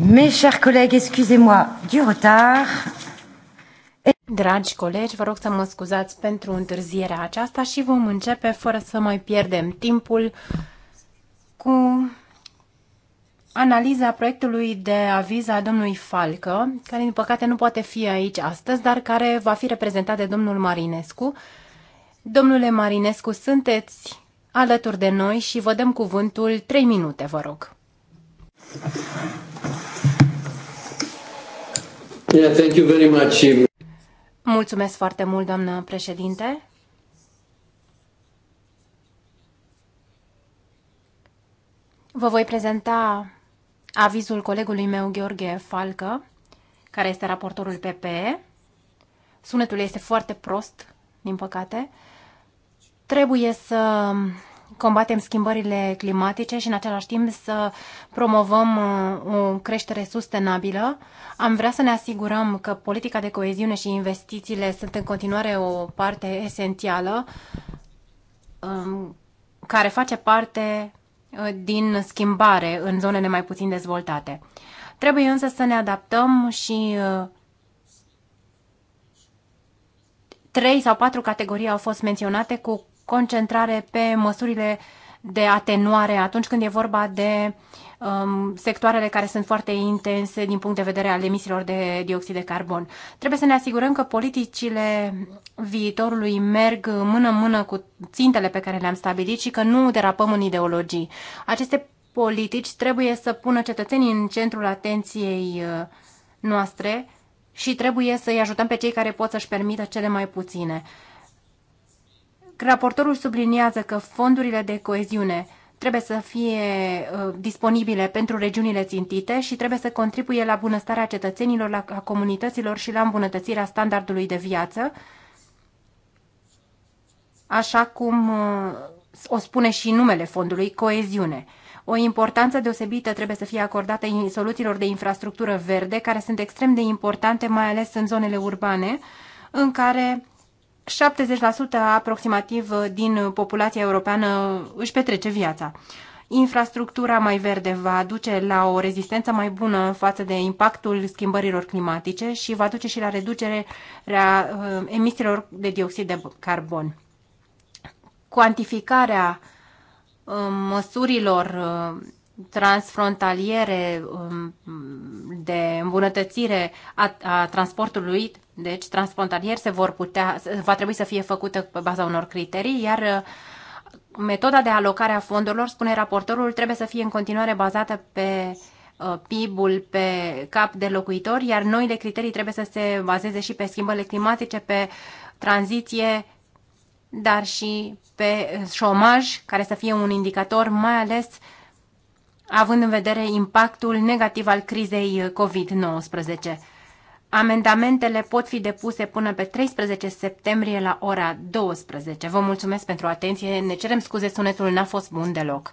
Mes chers collègues, excusez-moi du retard. Dragi colegi, vă rog să mă scuzați pentru întârzierea aceasta și vom începe fără să mai pierdem timpul cu analiza proiectului de aviz a domnului Falcă, care din păcate nu poate fi aici astăzi, dar care va fi reprezentat de domnul Marinescu. Domnule Marinescu, sunteți alături de noi și vă dăm cuvântul 3 minute, vă rog. Yeah, thank you very much. Mulțumesc foarte mult, doamnă președinte. Vă voi prezenta avizul colegului meu, Gheorghe Falcă, care este raportorul PPE. Sunetul este foarte prost, din păcate. Trebuie să combatem schimbările climatice și în același timp să promovăm uh, o creștere sustenabilă. Am vrea să ne asigurăm că politica de coeziune și investițiile sunt în continuare o parte esențială um, care face parte uh, din schimbare în zonele mai puțin dezvoltate. Trebuie însă să ne adaptăm și uh, trei sau patru categorii au fost menționate cu concentrare pe măsurile de atenuare atunci când e vorba de um, sectoarele care sunt foarte intense din punct de vedere al emisiilor de dioxid de carbon. Trebuie să ne asigurăm că politicile viitorului merg mână-mână cu țintele pe care le-am stabilit și că nu derapăm în ideologii. Aceste politici trebuie să pună cetățenii în centrul atenției uh, noastre și trebuie să-i ajutăm pe cei care pot să-și permită cele mai puține. Raportorul subliniază că fondurile de coeziune trebuie să fie uh, disponibile pentru regiunile țintite și trebuie să contribuie la bunăstarea cetățenilor, la, a comunităților și la îmbunătățirea standardului de viață, așa cum uh, o spune și numele fondului, coeziune. O importanță deosebită trebuie să fie acordată în soluțiilor de infrastructură verde, care sunt extrem de importante, mai ales în zonele urbane, în care 70% aproximativ din populația europeană își petrece viața. Infrastructura mai verde va duce la o rezistență mai bună față de impactul schimbărilor climatice și va duce și la reducerea uh, emisiilor de dioxid de carbon. Cuantificarea uh, măsurilor uh, transfrontaliere um, de îmbunătățire a, a transportului, deci transfrontalier, se vor putea, va trebui să fie făcută pe baza unor criterii, iar uh, metoda de alocare a fondurilor, spune raportorul, trebuie să fie în continuare bazată pe uh, PIB-ul pe cap de locuitori, iar noile criterii trebuie să se bazeze și pe schimbările climatice, pe tranziție, dar și pe șomaj, care să fie un indicator mai ales uh, având în vedere impactul negativ al crizei uh, COVID-19. Amendamentele pot fi depuse până pe 13 septembrie la ora 12. Vă mulțumesc pentru atenție. Ne cerem scuze, sunetul n-a fost bun deloc.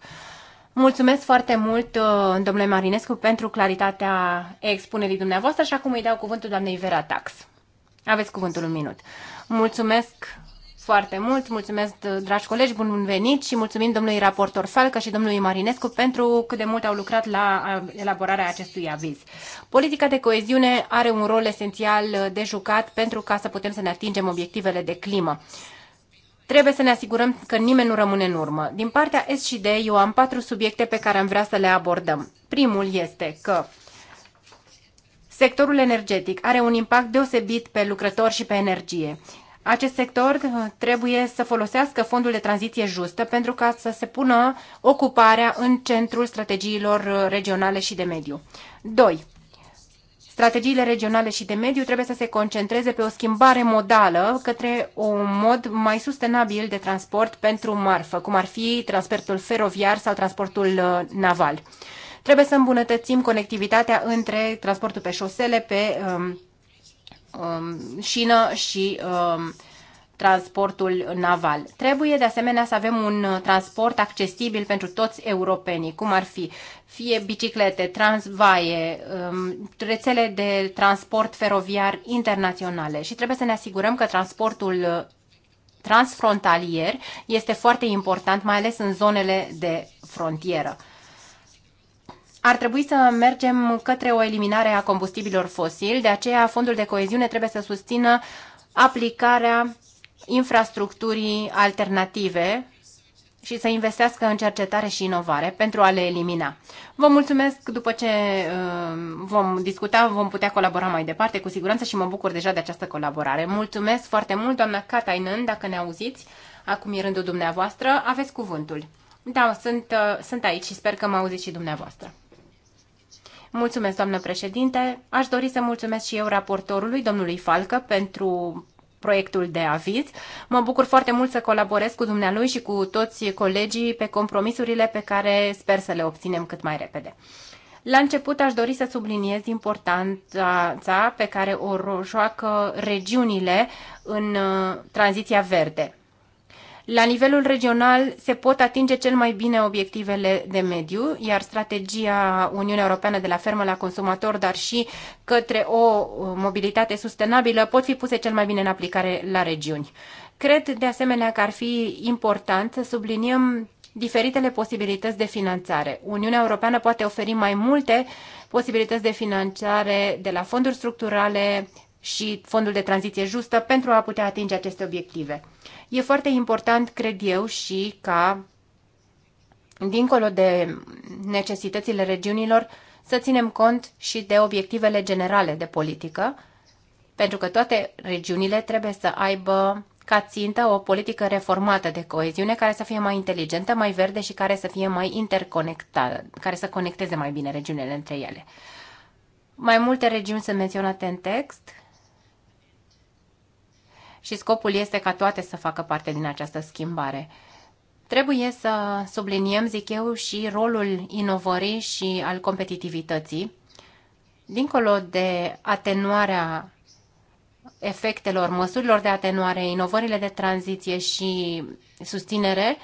Mulțumesc foarte mult, uh, domnule Marinescu, pentru claritatea expunerii dumneavoastră și acum îi dau cuvântul doamnei Vera Tax. Aveți cuvântul un minut. Mulțumesc foarte mult. Mulțumesc, dragi colegi, bun venit și mulțumim domnului raportor Falcă și domnului Marinescu pentru cât de mult au lucrat la elaborarea acestui aviz. Politica de coeziune are un rol esențial de jucat pentru ca să putem să ne atingem obiectivele de climă. Trebuie să ne asigurăm că nimeni nu rămâne în urmă. Din partea S și D, eu am patru subiecte pe care am vrea să le abordăm. Primul este că Sectorul energetic are un impact deosebit pe lucrători și pe energie. Acest sector uh, trebuie să folosească fondul de tranziție justă pentru ca să se pună ocuparea în centrul strategiilor uh, regionale și de mediu. 2. Strategiile regionale și de mediu trebuie să se concentreze pe o schimbare modală către un mod mai sustenabil de transport pentru marfă, cum ar fi transportul feroviar sau transportul uh, naval. Trebuie să îmbunătățim conectivitatea între transportul pe șosele, pe um, Um, șină și um, transportul naval. Trebuie de asemenea să avem un uh, transport accesibil pentru toți europenii, cum ar fi fie biciclete, transvaie, um, rețele de transport feroviar internaționale și trebuie să ne asigurăm că transportul uh, transfrontalier este foarte important, mai ales în zonele de frontieră ar trebui să mergem către o eliminare a combustibilor fosili, de aceea fondul de coeziune trebuie să susțină aplicarea infrastructurii alternative și să investească în cercetare și inovare pentru a le elimina. Vă mulțumesc, după ce uh, vom discuta, vom putea colabora mai departe cu siguranță și mă bucur deja de această colaborare. Mulțumesc foarte mult, doamna Katainen, dacă ne auziți, acum e rândul dumneavoastră, aveți cuvântul. Da, sunt, uh, sunt aici și sper că mă auziți și dumneavoastră. Mulțumesc, doamnă președinte. Aș dori să mulțumesc și eu raportorului, domnului Falcă, pentru proiectul de aviz. Mă bucur foarte mult să colaborez cu dumnealui și cu toți colegii pe compromisurile pe care sper să le obținem cât mai repede. La început aș dori să subliniez importanța pe care o joacă regiunile în uh, tranziția verde. La nivelul regional se pot atinge cel mai bine obiectivele de mediu, iar strategia Uniunea Europeană de la fermă la consumator, dar și către o mobilitate sustenabilă, pot fi puse cel mai bine în aplicare la regiuni. Cred de asemenea că ar fi important să subliniem diferitele posibilități de finanțare. Uniunea Europeană poate oferi mai multe posibilități de finanțare de la fonduri structurale, și fondul de tranziție justă pentru a putea atinge aceste obiective. E foarte important, cred eu, și ca, dincolo de necesitățile regiunilor, să ținem cont și de obiectivele generale de politică, pentru că toate regiunile trebuie să aibă ca țintă o politică reformată de coeziune care să fie mai inteligentă, mai verde și care să fie mai interconectată, care să conecteze mai bine regiunile între ele. Mai multe regiuni sunt menționate în text și scopul este ca toate să facă parte din această schimbare. Trebuie să subliniem, zic eu, și rolul inovării și al competitivității, dincolo de atenuarea efectelor, măsurilor de atenuare, inovările de tranziție și susținere,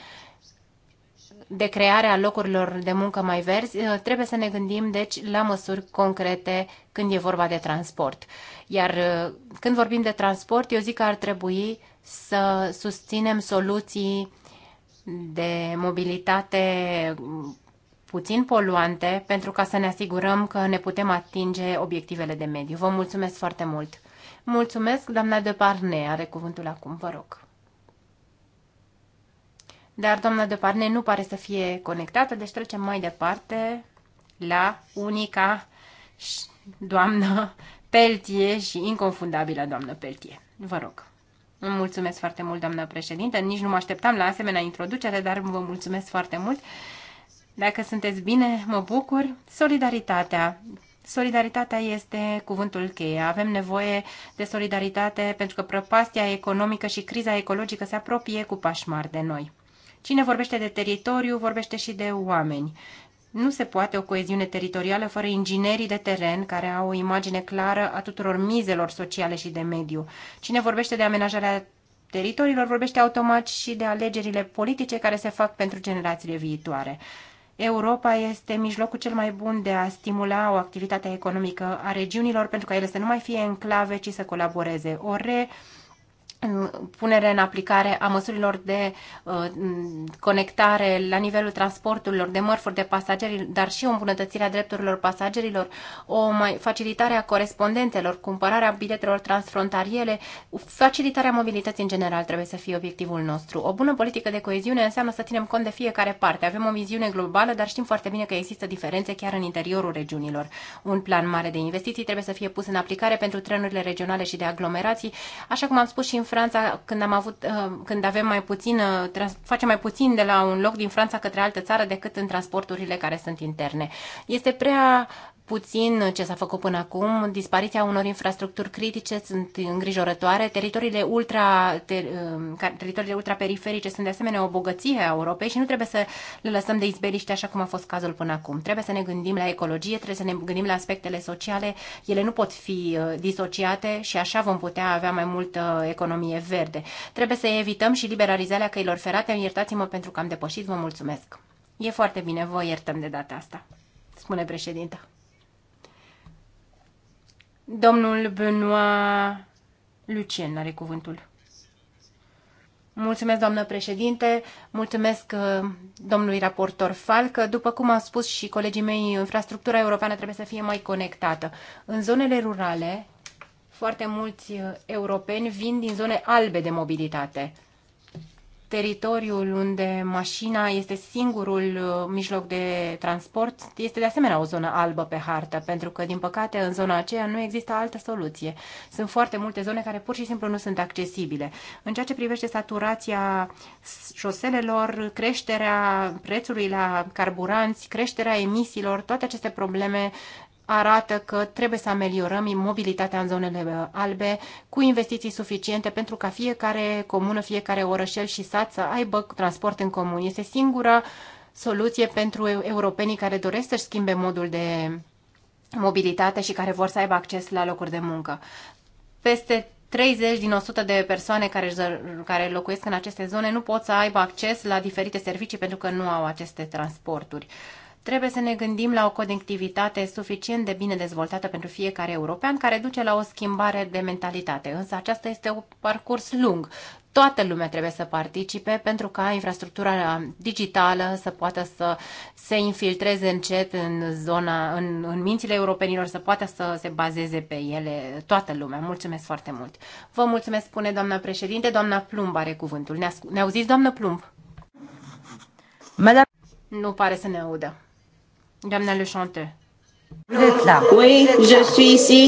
de creare a locurilor de muncă mai verzi, uh, trebuie să ne gândim, deci, la măsuri concrete când e vorba de transport. Iar uh, când vorbim de transport, eu zic că ar trebui să susținem soluții de mobilitate puțin poluante pentru ca să ne asigurăm că ne putem atinge obiectivele de mediu. Vă mulțumesc foarte mult! Mulțumesc, doamna Parne, are cuvântul acum, vă rog. Dar doamna Parne nu pare să fie conectată, deci trecem mai departe la unica doamnă Peltie și inconfundabilă doamnă Peltie. Vă rog. Îmi mulțumesc foarte mult, doamnă președinte. Nici nu mă așteptam la asemenea introducere, dar vă mulțumesc foarte mult. Dacă sunteți bine, mă bucur. Solidaritatea. Solidaritatea este cuvântul cheie. Avem nevoie de solidaritate pentru că prăpastia economică și criza ecologică se apropie cu pași mari de noi. Cine vorbește de teritoriu, vorbește și de oameni. Nu se poate o coeziune teritorială fără inginerii de teren care au o imagine clară a tuturor mizelor sociale și de mediu. Cine vorbește de amenajarea teritoriilor vorbește automat și de alegerile politice care se fac pentru generațiile viitoare. Europa este mijlocul cel mai bun de a stimula o activitate economică a regiunilor pentru ca ele să nu mai fie enclave, ci să colaboreze. O re punere în aplicare a măsurilor de uh, conectare la nivelul transporturilor de mărfuri de pasageri, dar și o îmbunătățire a drepturilor pasagerilor, o mai facilitare a corespondențelor, cumpărarea biletelor transfrontariere, facilitarea mobilității în general trebuie să fie obiectivul nostru. O bună politică de coeziune înseamnă să ținem cont de fiecare parte. Avem o viziune globală, dar știm foarte bine că există diferențe chiar în interiorul regiunilor. Un plan mare de investiții trebuie să fie pus în aplicare pentru trenurile regionale și de aglomerații, așa cum am spus și în Franța, când, am avut, uh, când avem mai puțin, facem mai puțin de la un loc din Franța către altă țară decât în transporturile care sunt interne. Este prea puțin ce s-a făcut până acum. Dispariția unor infrastructuri critice sunt îngrijorătoare. Teritoriile, ultra, ter, um, teritoriile ultraperiferice sunt de asemenea o bogăție a Europei și nu trebuie să le lăsăm de izbeliște așa cum a fost cazul până acum. Trebuie să ne gândim la ecologie, trebuie să ne gândim la aspectele sociale. Ele nu pot fi uh, disociate și așa vom putea avea mai multă economie verde. Trebuie să evităm și liberalizarea căilor ferate. Iertați-mă pentru că am depășit. Vă mulțumesc. E foarte bine, vă iertăm de data asta, spune președinta. Domnul Benoit Lucien are cuvântul. Mulțumesc, doamnă președinte, mulțumesc uh, domnului raportor Falcă. După cum au spus și colegii mei, infrastructura europeană trebuie să fie mai conectată. În zonele rurale, foarte mulți uh, europeni vin din zone albe de mobilitate teritoriul unde mașina este singurul uh, mijloc de transport este de asemenea o zonă albă pe hartă, pentru că, din păcate, în zona aceea nu există altă soluție. Sunt foarte multe zone care pur și simplu nu sunt accesibile. În ceea ce privește saturația șoselelor, creșterea prețului la carburanți, creșterea emisiilor, toate aceste probleme arată că trebuie să ameliorăm mobilitatea în zonele uh, albe cu investiții suficiente pentru ca fiecare comună, fiecare orășel și sat să aibă transport în comun. Este singura soluție pentru europenii care doresc să-și schimbe modul de mobilitate și care vor să aibă acces la locuri de muncă. Peste 30 din 100 de persoane care, care locuiesc în aceste zone nu pot să aibă acces la diferite servicii pentru că nu au aceste transporturi. Uh, Trebuie să ne gândim la o conectivitate suficient de bine dezvoltată pentru fiecare european, care duce la o schimbare de mentalitate. Însă aceasta este un parcurs lung. Toată lumea trebuie să participe pentru ca infrastructura digitală să poată să se infiltreze încet în zona, în, în mințile europenilor, să poată să se bazeze pe ele toată lumea. Mulțumesc foarte mult. Vă mulțumesc, spune doamna președinte. Doamna Plumb are cuvântul. Ne, ne auziți, doamnă Plumb? Nu pare să ne audă. Doamna Le Chante. Da. Oui, je suis ici.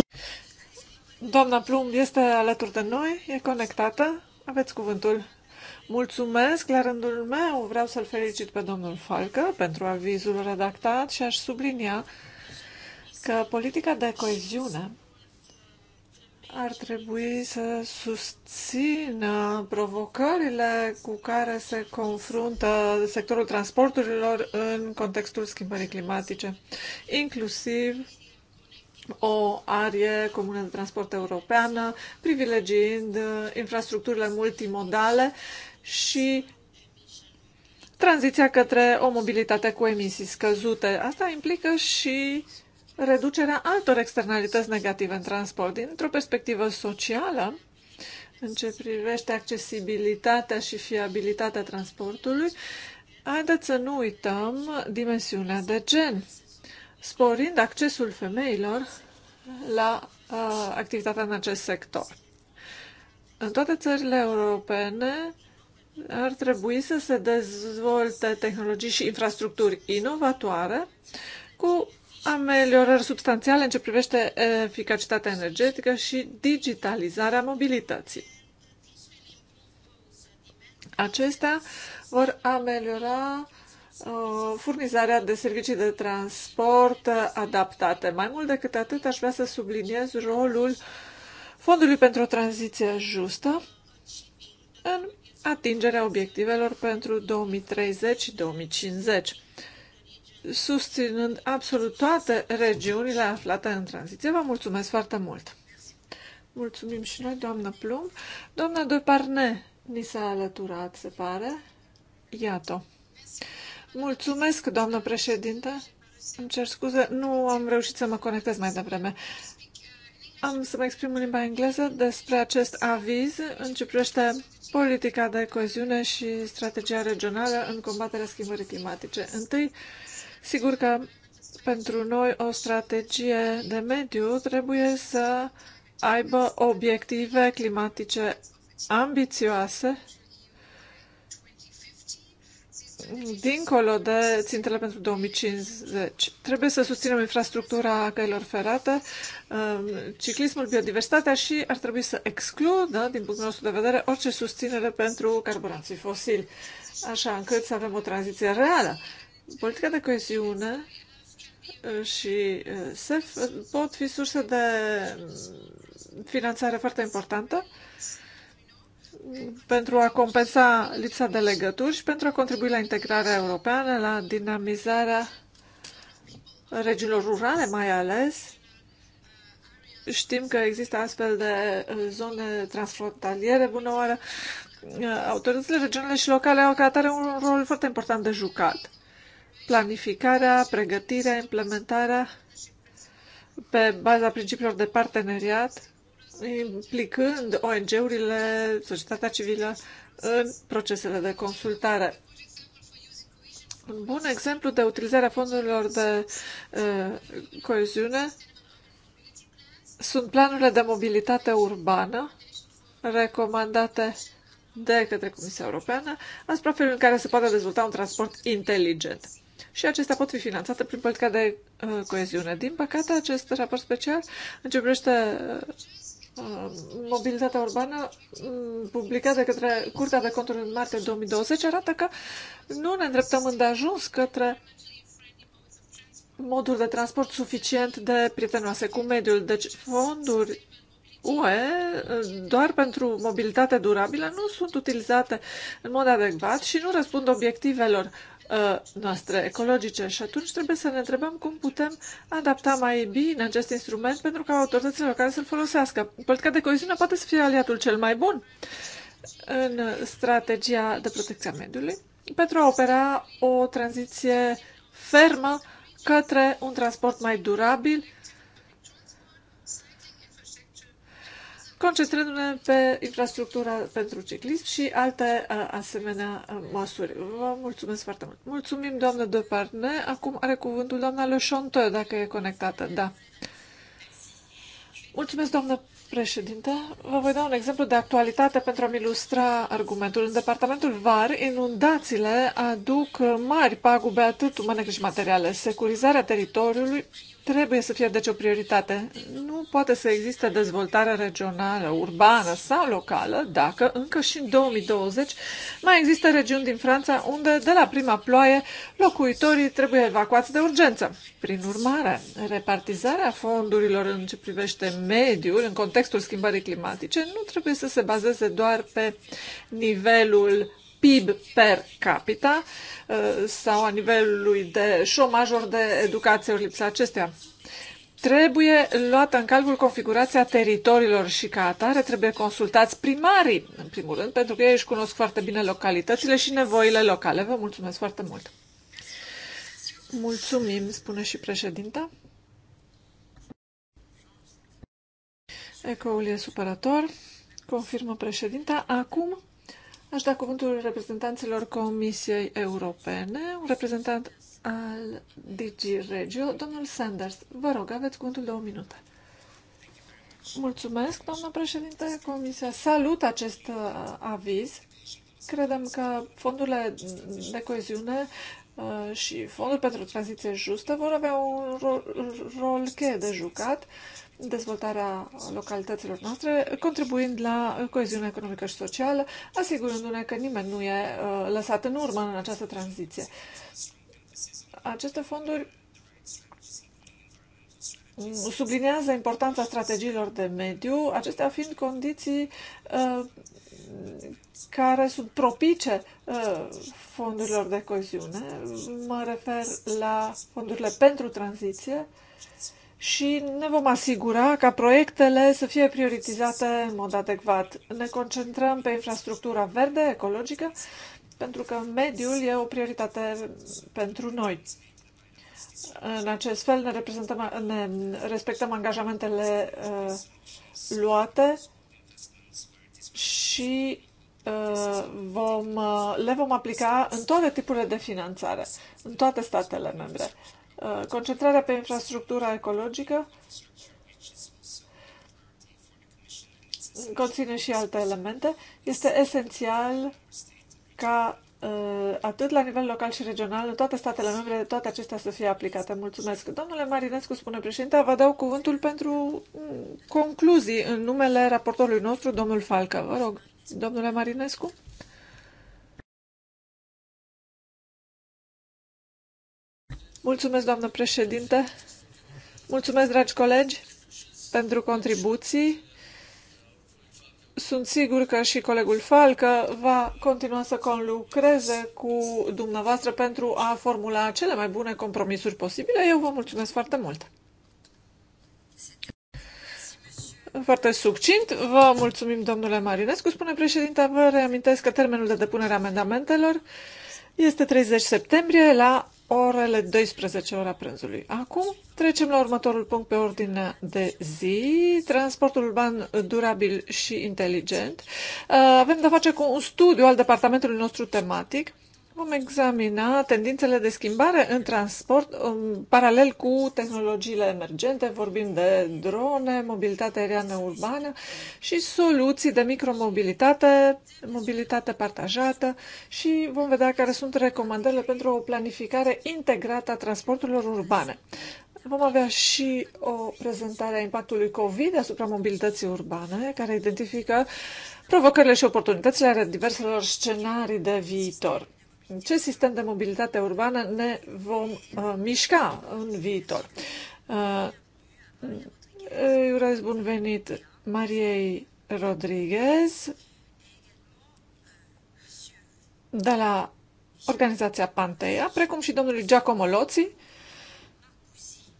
Doamna Plumb este alături de noi, e conectată. Aveți cuvântul. Mulțumesc, la rândul meu vreau să-l felicit pe domnul Falcă pentru avizul redactat și aș sublinia că politica de coeziune ar trebui să susțină provocările cu care se confruntă sectorul transporturilor în contextul schimbării climatice, inclusiv o arie comună de transport europeană, privilegiind infrastructurile multimodale și tranziția către o mobilitate cu emisii scăzute. Asta implică și reducerea altor externalități negative în transport. Dintr-o perspectivă socială, în ce privește accesibilitatea și fiabilitatea transportului, haideți să nu uităm dimensiunea de gen, sporind accesul femeilor la uh, activitatea în acest sector. În toate țările europene ar trebui să se dezvolte tehnologii și infrastructuri inovatoare cu ameliorări substanțiale în ce privește eficacitatea energetică și digitalizarea mobilității. Acestea vor ameliora uh, furnizarea de servicii de transport adaptate. Mai mult decât atât, aș vrea să subliniez rolul Fondului pentru o tranziție justă în atingerea obiectivelor pentru 2030 și 2050 susținând absolut toate regiunile aflate în tranziție. Vă mulțumesc foarte mult! Mulțumim și noi, doamnă Plumb. Doamna Deparne ni s-a alăturat, se pare. Iată. Mulțumesc, doamnă președinte. Îmi cer scuze, nu am reușit să mă conectez mai devreme. Am să mă exprim în limba engleză despre acest aviz în ce privește politica de coeziune și strategia regională în combaterea schimbării climatice. Întâi, Sigur că pentru noi o strategie de mediu trebuie să aibă obiective climatice ambițioase dincolo de țintele pentru 2050. Trebuie să susținem infrastructura căilor ferate, um, ciclismul, biodiversitatea și ar trebui să excludă, din punctul nostru de vedere, orice susținere pentru carburanții fosili, așa încât să avem o tranziție reală Politica de coeziune uh, și uh, SEF pot fi surse de mm, finanțare foarte importantă mm, pentru a compensa lipsa de legături și pentru a contribui la integrarea europeană, la dinamizarea regiunilor rurale mai ales. Știm că există astfel de uh, zone transfrontaliere, bună oară. Autoritățile regionale și locale au ca atare un rol foarte important de jucat planificarea, pregătirea, implementarea pe baza principiilor de parteneriat, implicând ONG-urile, societatea civilă în procesele de consultare. Un bun exemplu de utilizarea fondurilor de uh, coeziune sunt planurile de mobilitate urbană recomandate de către Comisia Europeană asupra felului în care se poate dezvolta un transport inteligent și acestea pot fi finanțate prin politica de uh, coeziune. Din păcate, acest raport special începește uh, uh mobilitatea urbană mm, publicată de către Curtea de Conturi în martie 2020 arată că nu ne îndreptăm îndeajuns către moduri de transport suficient de prietenoase cu mediul. Deci fonduri UE uh, doar pentru mobilitate durabilă nu sunt utilizate în mod adecvat și nu răspund obiectivelor Uh, noastre ecologice și atunci trebuie să ne întrebăm cum putem adapta mai bine acest instrument pentru ca autoritățile locale să-l folosească. Politica de coeziune poate să fie aliatul cel mai bun în strategia de protecție a mediului pentru a opera o tranziție fermă către un transport mai durabil concentrându-ne pe infrastructura pentru ciclism și alte asemenea măsuri. Vă mulțumesc foarte mult. Mulțumim, doamnă parne. Acum are cuvântul doamna Le dacă e conectată. Da. Mulțumesc, doamnă președinte. Vă voi da un exemplu de actualitate pentru a-mi ilustra argumentul. În departamentul VAR, inundațiile aduc mari pagube atât umane cât și materiale. Securizarea teritoriului trebuie să fie deci o prioritate. Nu poate să existe dezvoltare regională, urbană sau locală dacă încă și în 2020 mai există regiuni din Franța unde de la prima ploaie locuitorii trebuie evacuați de urgență. Prin urmare, repartizarea fondurilor în ce privește mediul în contextul schimbării climatice nu trebuie să se bazeze doar pe nivelul PIB per capita uh, sau a nivelului de șomaj ori de educație ori lipsa acestea. Trebuie luată în calcul configurația teritoriilor și ca atare trebuie consultați primarii, în primul rând, pentru că ei își cunosc foarte bine localitățile și nevoile locale. Vă mulțumesc foarte mult! Mulțumim, spune și președinta. Ecoul e supărător, confirmă președinta. Acum Aș da cuvântul reprezentanților Comisiei Europene, un reprezentant al DG Regio, domnul Sanders. Vă rog, aveți cuvântul două minute. Mulțumesc, doamnă președinte. Comisia salut acest uh, aviz. Credem că fondurile de coeziune uh, și fondul pentru tranziție justă vor avea un rol cheie de jucat dezvoltarea localităților noastre, contribuind la coeziunea economică și socială, asigurându-ne că nimeni nu e uh, lăsat în urmă în această tranziție. Aceste fonduri sublinează importanța strategiilor de mediu, acestea fiind condiții uh, care sunt propice uh, fondurilor de coeziune. Mă refer la fondurile pentru tranziție, și ne vom asigura ca proiectele să fie prioritizate în mod adecvat. Ne concentrăm pe infrastructura verde, ecologică, pentru că mediul e o prioritate pentru noi. În acest fel ne, reprezentăm, ne respectăm angajamentele uh, luate și uh, vom, uh, le vom aplica în toate tipurile de finanțare, în toate statele membre. Uh, Uh, concentrarea pe infrastructura ecologică conține și alte elemente. Este esențial ca uh, atât la nivel local și regional, în toate statele membre, toate acestea să fie aplicate. Mulțumesc. Domnule Marinescu, spune președinte, vă dau cuvântul pentru mm, concluzii în numele raportorului nostru, domnul Falcă. Vă rog, domnule Marinescu. Mulțumesc, doamnă președinte. Mulțumesc, dragi colegi, pentru contribuții. Sunt sigur că și colegul Falcă va continua să conlucreze cu dumneavoastră pentru a formula cele mai bune compromisuri posibile. Eu vă mulțumesc foarte mult. Foarte succint. Vă mulțumim, domnule Marinescu. Spune președinte, vă reamintesc că termenul de depunere a amendamentelor este 30 septembrie la orele 12, ora prânzului. Acum trecem la următorul punct pe ordinea de zi, transportul urban durabil și inteligent. Uh, avem de-a face cu un studiu al departamentului nostru tematic Vom examina tendințele de schimbare în transport în um, paralel cu tehnologiile emergente, vorbim de drone, mobilitate aeriană urbană și soluții de micromobilitate, mobilitate partajată și vom vedea care sunt recomandările pentru o planificare integrată a transporturilor urbane. Vom avea și o prezentare a impactului COVID asupra mobilității urbane, care identifică provocările și oportunitățile ale diverselor scenarii de viitor ce sistem de mobilitate urbană ne vom uh, mișca în viitor. Uh, îi urez bun venit Mariei Rodriguez de la organizația Pantea, precum și domnului Giacomo Lozzi,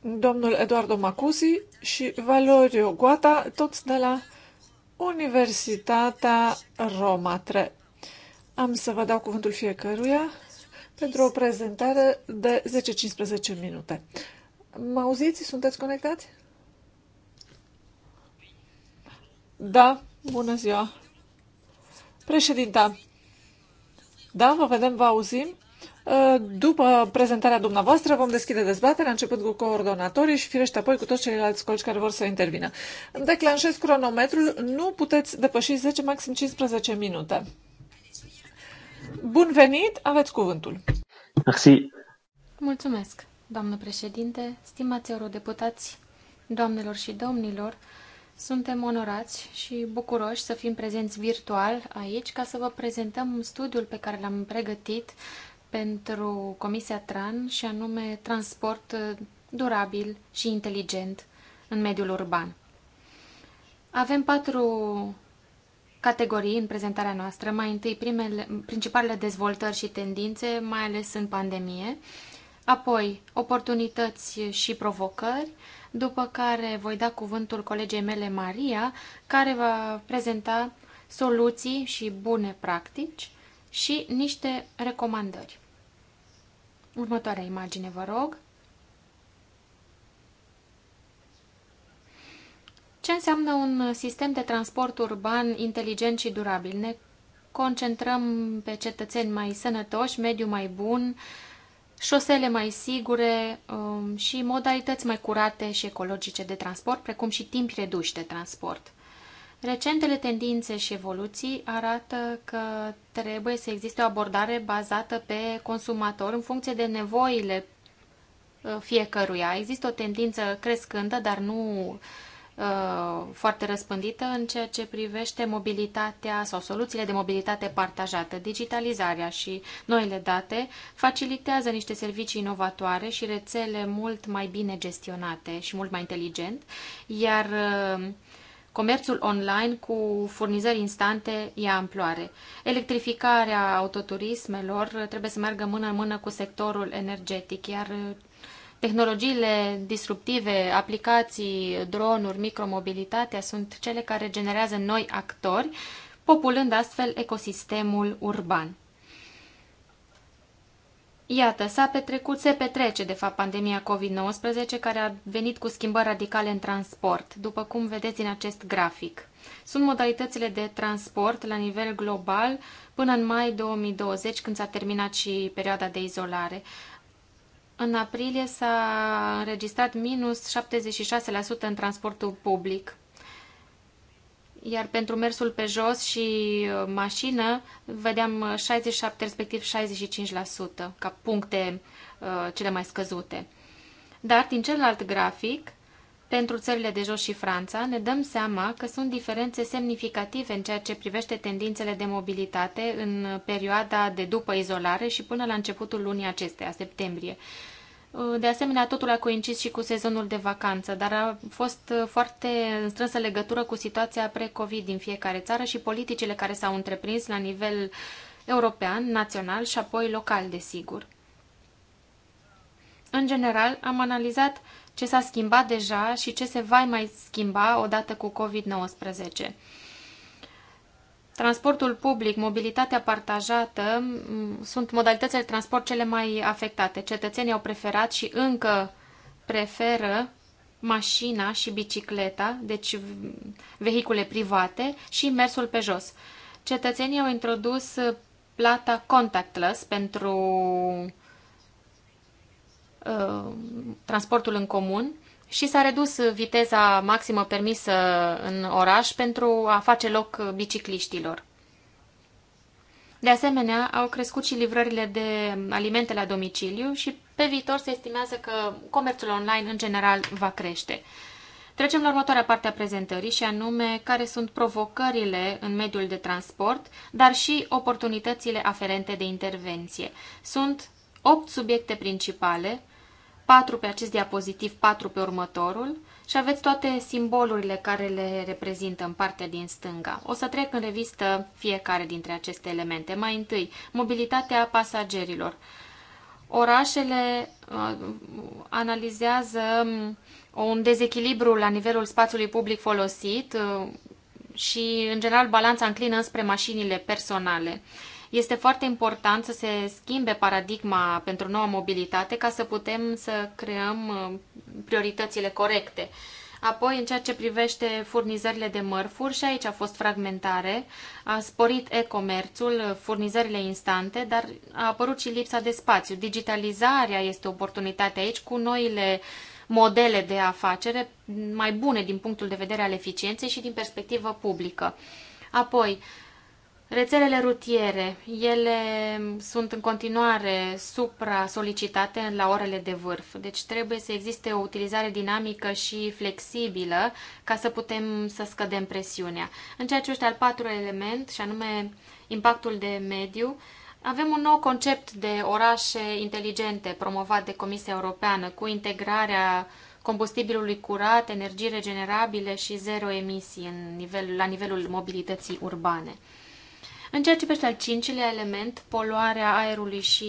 domnul Eduardo Macusi și Valorio Guata, toți de la Universitatea Roma 3. Am să vă dau cuvântul fiecăruia pentru o prezentare de 10-15 minute. Mă auziți? Sunteți conectați? Da, bună ziua. Președinta, da, vă vedem, vă auzim. După prezentarea dumneavoastră vom deschide dezbaterea, începând cu coordonatorii și firește apoi cu toți ceilalți colegi care vor să intervină. Declanșez cronometrul, nu puteți depăși 10, maxim 15 minute. Bun venit, aveți cuvântul. Merci. Mulțumesc, doamnă președinte, stimați eurodeputați, doamnelor și domnilor. Suntem onorați și bucuroși să fim prezenți virtual aici ca să vă prezentăm studiul pe care l-am pregătit pentru Comisia TRAN și anume transport uh, durabil și inteligent în mediul urban. Avem patru categorii în prezentarea noastră. Mai întâi, primele, principalele dezvoltări și tendințe, mai ales în pandemie, apoi oportunități și provocări, după care voi da cuvântul colegei mele, Maria, care va prezenta soluții și bune practici și niște recomandări. Următoarea imagine, vă rog. Ce înseamnă un sistem de transport urban inteligent și durabil? Ne concentrăm pe cetățeni mai sănătoși, mediu mai bun, șosele mai sigure um, și modalități mai curate și ecologice de transport, precum și timp reduși de transport. Recentele tendințe și evoluții arată că trebuie să existe o abordare bazată pe consumator în funcție de nevoile uh, fiecăruia. Există o tendință crescândă, dar nu Uh, foarte răspândită în ceea ce privește mobilitatea sau soluțiile de mobilitate partajată. Digitalizarea și noile date facilitează niște servicii inovatoare și rețele mult mai bine gestionate și mult mai inteligent, iar uh, comerțul online cu furnizări instante ia amploare. Electrificarea autoturismelor trebuie să meargă mână în mână cu sectorul energetic, iar uh, Tehnologiile disruptive, aplicații, dronuri, micromobilitatea sunt cele care generează noi actori, populând astfel ecosistemul urban. Iată, s-a petrecut, se petrece, de fapt, pandemia COVID-19, care a venit cu schimbări radicale în transport, după cum vedeți în acest grafic. Sunt modalitățile de transport la nivel global până în mai 2020, când s-a terminat și perioada de izolare. În aprilie s-a înregistrat minus 76% în transportul public. Iar pentru mersul pe jos și uh, mașină vedeam 67, uh, respectiv 65% ca puncte uh, cele mai scăzute. Dar din celălalt grafic pentru țările de jos și Franța, ne dăm seama că sunt diferențe semnificative în ceea ce privește tendințele de mobilitate în perioada de după izolare și până la începutul lunii acesteia, septembrie. De asemenea, totul a coincis și cu sezonul de vacanță, dar a fost foarte în strânsă legătură cu situația pre-COVID din fiecare țară și politicile care s-au întreprins la nivel european, național și apoi local, desigur. În general, am analizat ce s-a schimbat deja și ce se va mai schimba odată cu COVID-19. Transportul public, mobilitatea partajată sunt modalitățile de transport cele mai afectate. Cetățenii au preferat și încă preferă mașina și bicicleta, deci vehicule private și mersul pe jos. Cetățenii au introdus plata contactless pentru Uh, transportul în comun și s-a redus viteza maximă permisă în oraș pentru a face loc bicicliștilor. De asemenea, au crescut și livrările de alimente la domiciliu și pe viitor se estimează că comerțul online în general va crește. Trecem la următoarea parte a prezentării și anume care sunt provocările în mediul de transport, dar și oportunitățile aferente de intervenție. Sunt 8 subiecte principale 4 pe acest diapozitiv, 4 pe următorul și aveți toate simbolurile care le reprezintă în partea din stânga. O să trec în revistă fiecare dintre aceste elemente. Mai întâi, mobilitatea pasagerilor. Orașele uh, analizează um, un dezechilibru la nivelul spațiului public folosit uh, și, în general, balanța înclină spre mașinile personale. Este foarte important să se schimbe paradigma pentru noua mobilitate ca să putem să creăm uh, prioritățile corecte. Apoi, în ceea ce privește furnizările de mărfuri, și aici a fost fragmentare, a sporit e-comerțul, uh, furnizările instante, dar a apărut și lipsa de spațiu. Digitalizarea este o oportunitate aici cu noile modele de afacere mai bune din punctul de vedere al eficienței și din perspectivă publică. Apoi, Rețelele rutiere, ele sunt în continuare supra-solicitate la orele de vârf, deci trebuie să existe o utilizare dinamică și flexibilă ca să putem să scădem presiunea. În ceea ce este al patrulea element, și anume impactul de mediu, avem un nou concept de orașe inteligente promovat de Comisia Europeană cu integrarea combustibilului curat, energii regenerabile și zero emisii în nivel, la nivelul mobilității urbane. În ceea ce privește al cincilea element, poluarea aerului și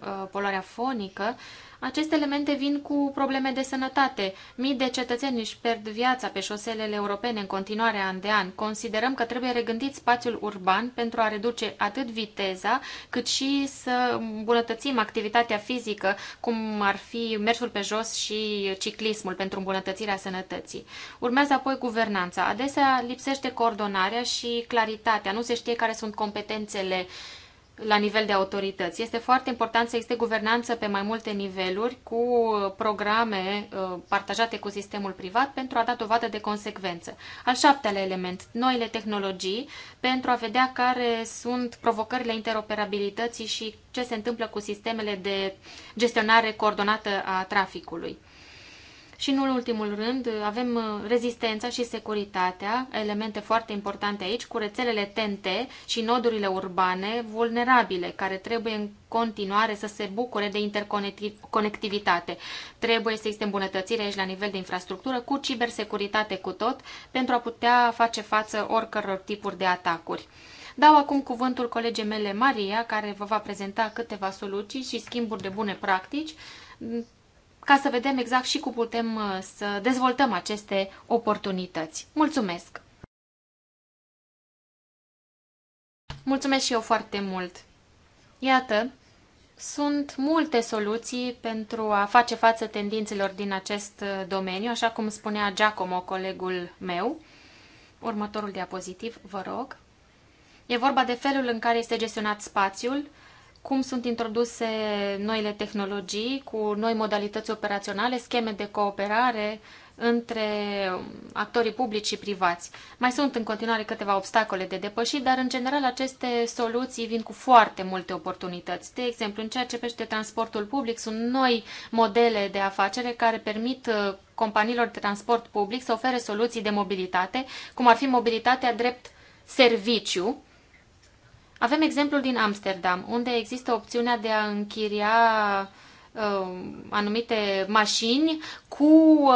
uh, poluarea fonică, aceste elemente vin cu probleme de sănătate. Mii de cetățeni își pierd viața pe șoselele europene în continuare an de an. Considerăm că trebuie regândit spațiul urban pentru a reduce atât viteza, cât și să îmbunătățim activitatea fizică, cum ar fi mersul pe jos și ciclismul pentru îmbunătățirea sănătății. Urmează apoi guvernanța. Adesea lipsește coordonarea și claritatea. Nu se știe care sunt competențele uh, la nivel de autorități. Este foarte important să existe guvernanță pe mai multe niveluri cu programe uh, partajate cu sistemul privat pentru a da dovadă de consecvență. Al șaptele element, noile tehnologii, pentru a vedea care sunt provocările interoperabilității și ce se întâmplă cu sistemele de gestionare coordonată a traficului. Și, în ultimul rând, avem uh, rezistența și securitatea, elemente foarte importante aici, cu rețelele TNT și nodurile urbane vulnerabile, care trebuie în continuare să se bucure de interconectivitate. Trebuie să existe îmbunătățire aici la nivel de infrastructură, cu cibersecuritate cu tot, pentru a putea face față oricăror tipuri de atacuri. Dau acum cuvântul colegii mele, Maria, care vă va prezenta câteva soluții și schimburi de bune practici ca să vedem exact și cum putem uh, să dezvoltăm aceste oportunități. Mulțumesc! Mulțumesc și eu foarte mult! Iată, sunt multe soluții pentru a face față tendințelor din acest uh, domeniu, așa cum spunea Giacomo, colegul meu. Următorul diapozitiv, vă rog. E vorba de felul în care este gestionat spațiul, cum sunt introduse noile tehnologii cu noi modalități operaționale, scheme de cooperare între um, actorii publici și privați. Mai sunt în continuare câteva obstacole de depășit, dar în general aceste soluții vin cu foarte multe oportunități. De exemplu, în ceea ce privește transportul public, sunt noi modele de afacere care permit uh, companiilor de transport public să ofere soluții de mobilitate, cum ar fi mobilitatea drept serviciu, avem exemplul din Amsterdam, unde există opțiunea de a închiria uh, anumite mașini cu uh,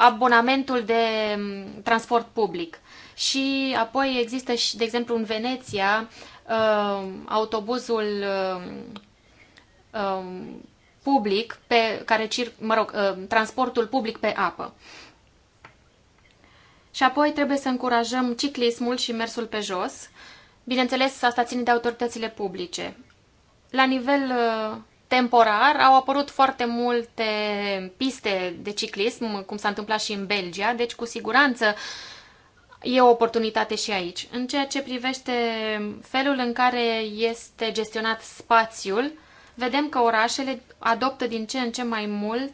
abonamentul de um, transport public. Și apoi există, și, de exemplu, în Veneția, uh, autobuzul uh, um, public pe care cir, mă rog, uh, transportul public pe apă. Și apoi trebuie să încurajăm ciclismul și mersul pe jos. Bineînțeles, asta ține de autoritățile publice. La nivel uh, temporar au apărut foarte multe piste de ciclism, cum s-a întâmplat și în Belgia, deci cu siguranță e o oportunitate și aici. În ceea ce privește felul în care este gestionat spațiul, vedem că orașele adoptă din ce în ce mai mult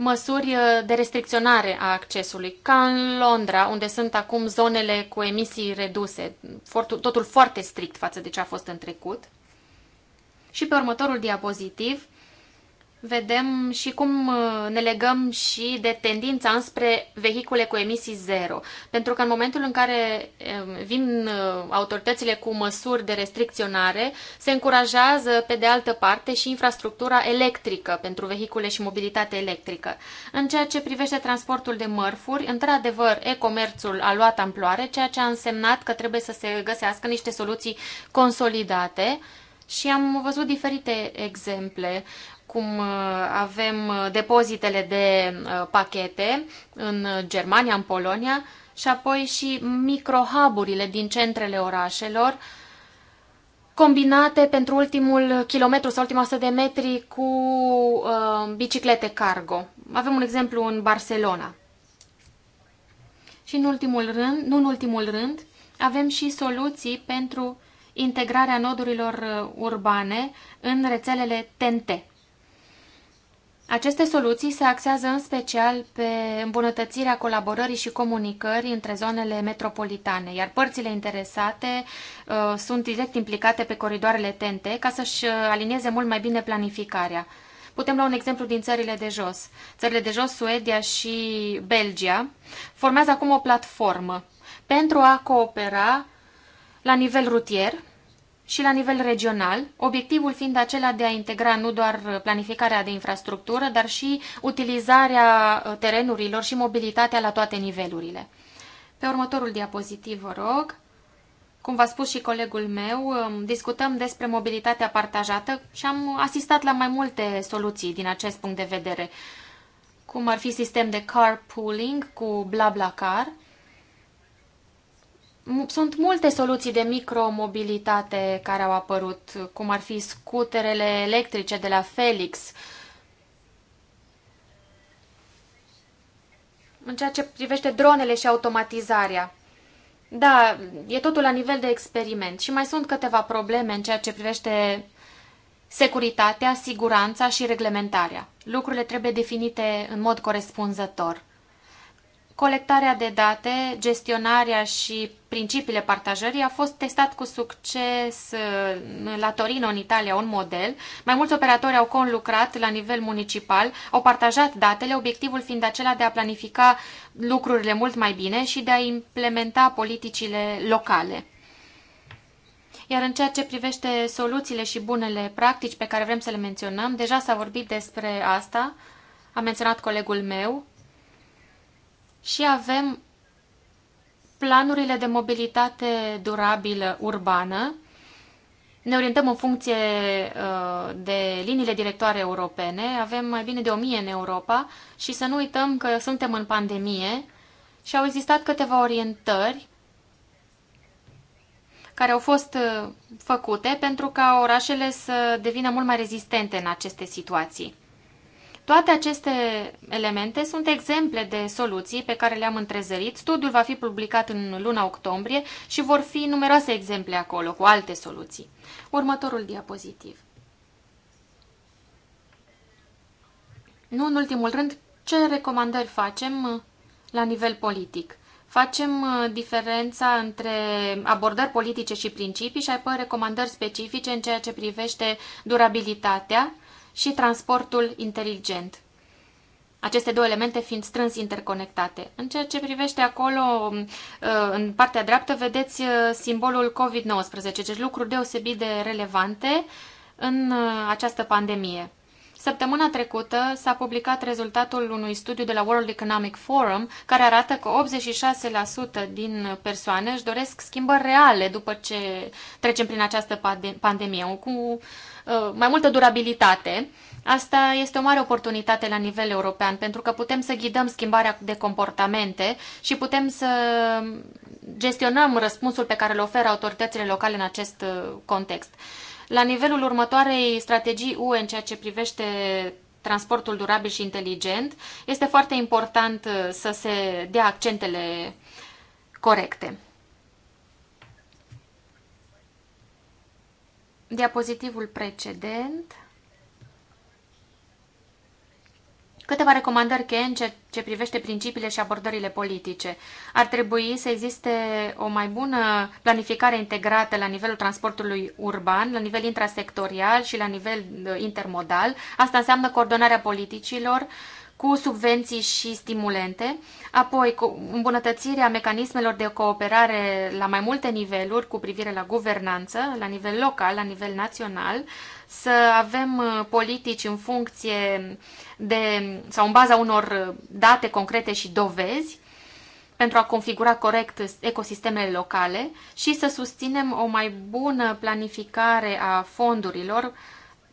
măsuri uh, de restricționare a accesului, ca în Londra, unde sunt acum zonele cu emisii reduse, totul foarte strict față de ce a fost în trecut. Și pe următorul diapozitiv vedem și cum uh, ne legăm și de tendința înspre vehicule cu emisii zero. Pentru că în momentul în care um, vin uh, autoritățile cu măsuri de restricționare, se încurajează pe de altă parte și infrastructura electrică pentru vehicule și mobilitate electrică. În ceea ce privește transportul de mărfuri, într-adevăr, e-comerțul a luat amploare, ceea ce a însemnat că trebuie să se găsească niște soluții consolidate și am văzut diferite exemple cum uh, avem uh, depozitele de uh, pachete în Germania, în Polonia, și apoi și microhaburile din centrele orașelor, combinate pentru ultimul kilometru sau ultima 100 de metri cu uh, biciclete cargo. Avem un exemplu în Barcelona. Și în ultimul rând, nu în ultimul rând, avem și soluții pentru integrarea nodurilor urbane în rețelele tente. Aceste soluții se axează în special pe îmbunătățirea colaborării și comunicării între zonele metropolitane, iar părțile interesate uh, sunt direct implicate pe coridoarele TNT ca să-și uh, alinieze mult mai bine planificarea. Putem lua un exemplu din țările de jos. Țările de jos, Suedia și Belgia, formează acum o platformă pentru a coopera la nivel rutier și la nivel regional, obiectivul fiind acela de a integra nu doar planificarea de infrastructură, dar și utilizarea uh, terenurilor și mobilitatea la toate nivelurile. Pe următorul diapozitiv, vă rog, cum v-a spus și colegul meu, um, discutăm despre mobilitatea partajată și am asistat la mai multe soluții din acest punct de vedere, cum ar fi sistem de carpooling cu BlaBlaCar, sunt multe soluții de micromobilitate care au apărut, cum ar fi scuterele electrice de la Felix. În ceea ce privește dronele și automatizarea. Da, e totul la nivel de experiment și mai sunt câteva probleme în ceea ce privește securitatea, siguranța și reglementarea. Lucrurile trebuie definite în mod corespunzător. Colectarea de date, gestionarea și principiile partajării a fost testat cu succes uh, la Torino, în Italia, un model. Mai mulți operatori au conlucrat la nivel municipal, au partajat datele, obiectivul fiind acela de a planifica lucrurile mult mai bine și de a implementa politicile locale. Iar în ceea ce privește soluțiile și bunele practici pe care vrem să le menționăm, deja s-a vorbit despre asta, a menționat colegul meu, și avem planurile de mobilitate durabilă urbană. Ne orientăm în funcție uh, de liniile directoare europene. Avem mai bine de 1000 în Europa și să nu uităm că suntem în pandemie și au existat câteva orientări care au fost uh, făcute pentru ca orașele să devină mult mai rezistente în aceste situații. Toate aceste elemente sunt exemple de soluții pe care le-am întrezărit. Studiul va fi publicat în luna octombrie și vor fi numeroase exemple acolo cu alte soluții. Următorul diapozitiv. Nu în ultimul rând, ce recomandări facem uh, la nivel politic? Facem uh, diferența între abordări politice și principii și apoi recomandări specifice în ceea ce privește durabilitatea, și transportul inteligent. Aceste două elemente fiind strâns interconectate. În ceea ce privește acolo, uh, în partea dreaptă, vedeți uh, simbolul COVID-19, deci lucruri deosebit de relevante în uh, această pandemie. Săptămâna trecută s-a publicat rezultatul unui studiu de la World Economic Forum care arată că 86% din persoane își doresc schimbări reale după ce trecem prin această pandemie, cu Uh, mai multă durabilitate. Asta este o mare oportunitate la nivel european, pentru că putem să ghidăm schimbarea de comportamente și putem să gestionăm răspunsul pe care îl oferă autoritățile locale în acest uh, context. La nivelul următoarei strategii UE în ceea ce privește transportul durabil și inteligent, este foarte important uh, să se dea accentele corecte. diapozitivul precedent câteva recomandări cheie în ce privește principiile și abordările politice. Ar trebui să existe o mai bună planificare integrată la nivelul transportului urban, la nivel intrasectorial și la nivel uh, intermodal. Asta înseamnă coordonarea politicilor, uh, cu subvenții și stimulente, apoi cu îmbunătățirea mecanismelor de cooperare la mai multe niveluri cu privire la guvernanță, la nivel local, la nivel național, să avem uh, politici în funcție de, sau în baza unor uh, date concrete și dovezi, pentru a configura corect ecosistemele locale și să susținem o mai bună planificare a fondurilor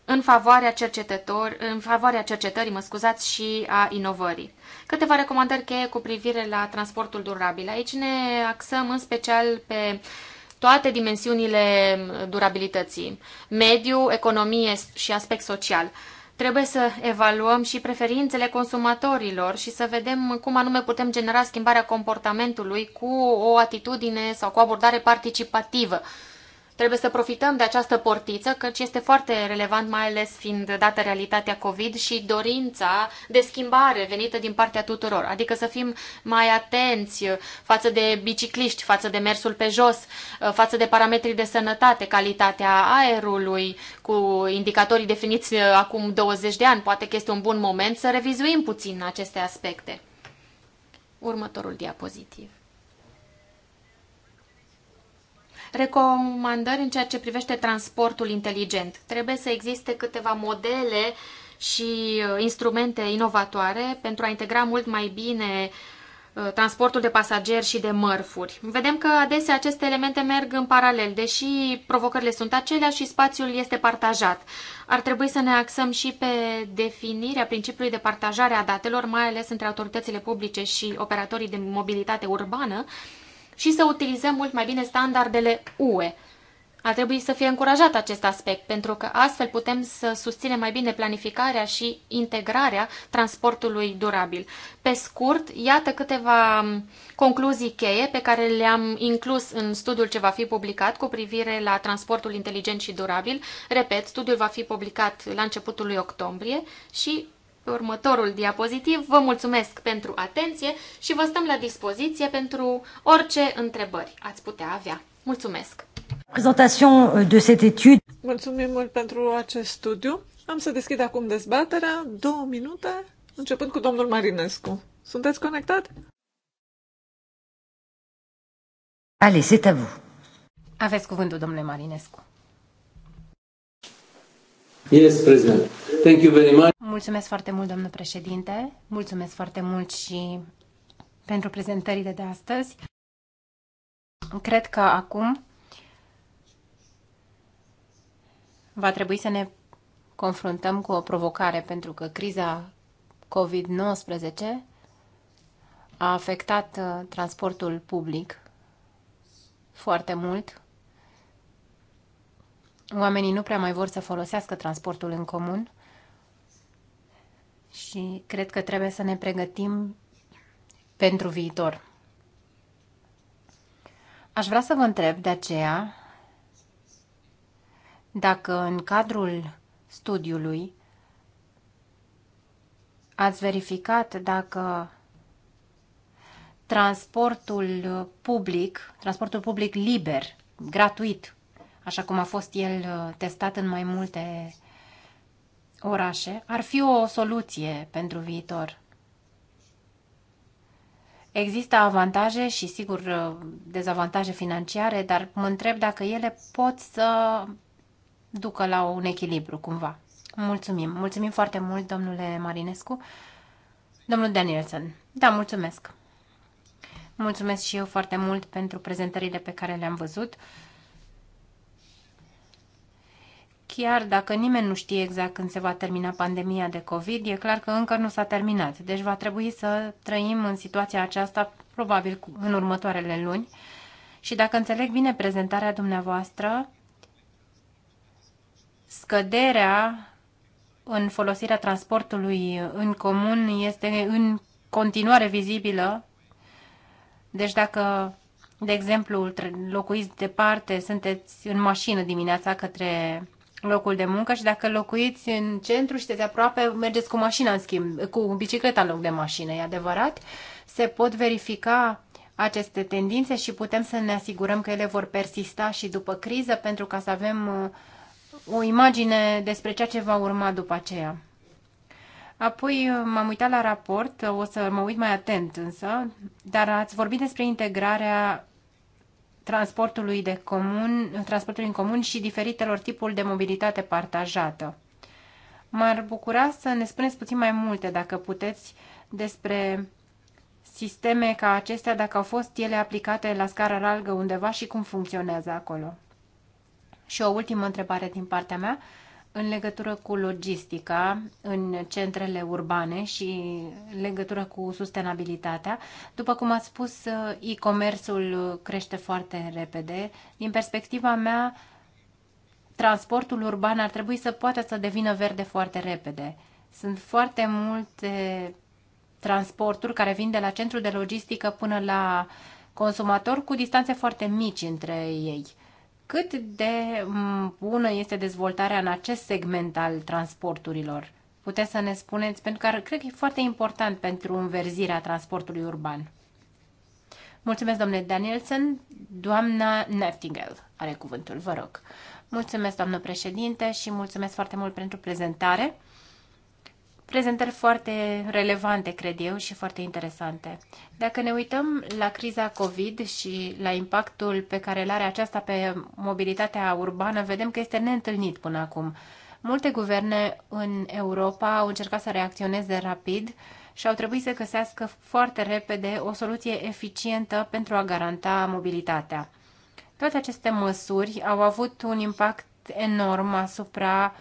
în favoarea, cercetător, în favoarea cercetării mă scuzați, și a inovării. Câteva recomandări cheie cu privire la transportul durabil. Aici ne axăm în special pe toate dimensiunile durabilității, mediu, economie și aspect social. Trebuie să evaluăm și preferințele consumatorilor și să vedem cum anume putem genera schimbarea comportamentului cu o atitudine sau cu o abordare participativă Trebuie să profităm de această portiță, căci este foarte relevant, mai ales fiind dată realitatea COVID și dorința de schimbare venită din partea tuturor. Adică să fim mai atenți față de bicicliști, față de mersul pe jos, față de parametrii de sănătate, calitatea aerului, cu indicatorii definiți acum 20 de ani. Poate că este un bun moment să revizuim puțin aceste aspecte. Următorul diapozitiv. recomandări în ceea ce privește transportul inteligent. Trebuie să existe câteva modele și uh, instrumente inovatoare pentru a integra mult mai bine uh, transportul de pasageri și de mărfuri. Vedem că adesea aceste elemente merg în paralel, deși provocările sunt aceleași și spațiul este partajat. Ar trebui să ne axăm și pe definirea principiului de partajare a datelor, mai ales între autoritățile publice și operatorii de mobilitate urbană, și să utilizăm mult mai bine standardele UE. Ar trebui să fie încurajat acest aspect, pentru că astfel putem să susținem mai bine planificarea și integrarea transportului durabil. Pe scurt, iată câteva concluzii cheie pe care le-am inclus în studiul ce va fi publicat cu privire la transportul inteligent și durabil. Repet, studiul va fi publicat la începutul lui octombrie și pe următorul diapozitiv. Vă mulțumesc pentru atenție și vă stăm la dispoziție pentru orice întrebări ați putea avea. Mulțumesc! de cette étude. Mulțumim mult pentru acest studiu. Am să deschid acum dezbaterea. Două minute, începând cu domnul Marinescu. Sunteți conectat? Allez, c'est à vous. Aveți cuvântul, domnule Marinescu. Yes, President. Thank you very much. Mulțumesc foarte mult, domnul președinte. Mulțumesc foarte mult și pentru prezentările de astăzi. Cred că acum va trebui să ne confruntăm cu o provocare, pentru că criza COVID-19 a afectat uh, transportul public foarte mult oamenii nu prea mai vor să folosească transportul în comun și cred că trebuie să ne pregătim pentru viitor. Aș vrea să vă întreb de aceea dacă în cadrul studiului ați verificat dacă transportul public, transportul public liber, gratuit, așa cum a fost el uh, testat în mai multe orașe, ar fi o soluție pentru viitor. Există avantaje și, sigur, uh, dezavantaje financiare, dar mă întreb dacă ele pot să ducă la un echilibru, cumva. Mulțumim. Mulțumim foarte mult, domnule Marinescu. Domnul Danielson. Da, mulțumesc. Mulțumesc și eu foarte mult pentru prezentările pe care le-am văzut. Chiar dacă nimeni nu știe exact când se va termina pandemia de COVID, e clar că încă nu s-a terminat. Deci va trebui să trăim în situația aceasta probabil în următoarele luni. Și dacă înțeleg bine prezentarea dumneavoastră, scăderea în folosirea transportului în comun este în continuare vizibilă. Deci dacă, de exemplu, locuiți departe, sunteți în mașină dimineața către locul de muncă și dacă locuiți în centru și sunteți aproape, mergeți cu mașina în schimb, cu bicicleta în loc de mașină, e adevărat? Se pot verifica aceste tendințe și putem să ne asigurăm că ele vor persista și după criză pentru ca să avem uh, o imagine despre ceea ce va urma după aceea. Apoi uh, m-am uitat la raport, uh, o să mă uit mai atent însă, dar ați vorbit despre integrarea transportului, de comun, transportului în comun și diferitelor tipuri de mobilitate partajată. M-ar bucura să ne spuneți puțin mai multe, dacă puteți, despre sisteme ca acestea, dacă au fost ele aplicate la scară largă undeva și cum funcționează acolo. Și o ultimă întrebare din partea mea în legătură cu logistica în centrele urbane și legătură cu sustenabilitatea. După cum ați spus, e-commerțul crește foarte repede. Din perspectiva mea, transportul urban ar trebui să poată să devină verde foarte repede. Sunt foarte multe transporturi care vin de la centru de logistică până la consumator cu distanțe foarte mici între ei cât de bună este dezvoltarea în acest segment al transporturilor? Puteți să ne spuneți, pentru că cred că e foarte important pentru înverzirea transportului urban. Mulțumesc, domnule Danielson. Doamna Neftingel are cuvântul, vă rog. Mulțumesc, doamnă președinte, și mulțumesc foarte mult pentru prezentare prezentări foarte relevante, cred eu, și foarte interesante. Dacă ne uităm la criza COVID și la impactul pe care îl are aceasta pe mobilitatea urbană, vedem că este neîntâlnit până acum. Multe guverne în Europa au încercat să reacționeze rapid și au trebuit să găsească foarte repede o soluție eficientă pentru a garanta mobilitatea. Toate aceste măsuri au avut un impact enorm asupra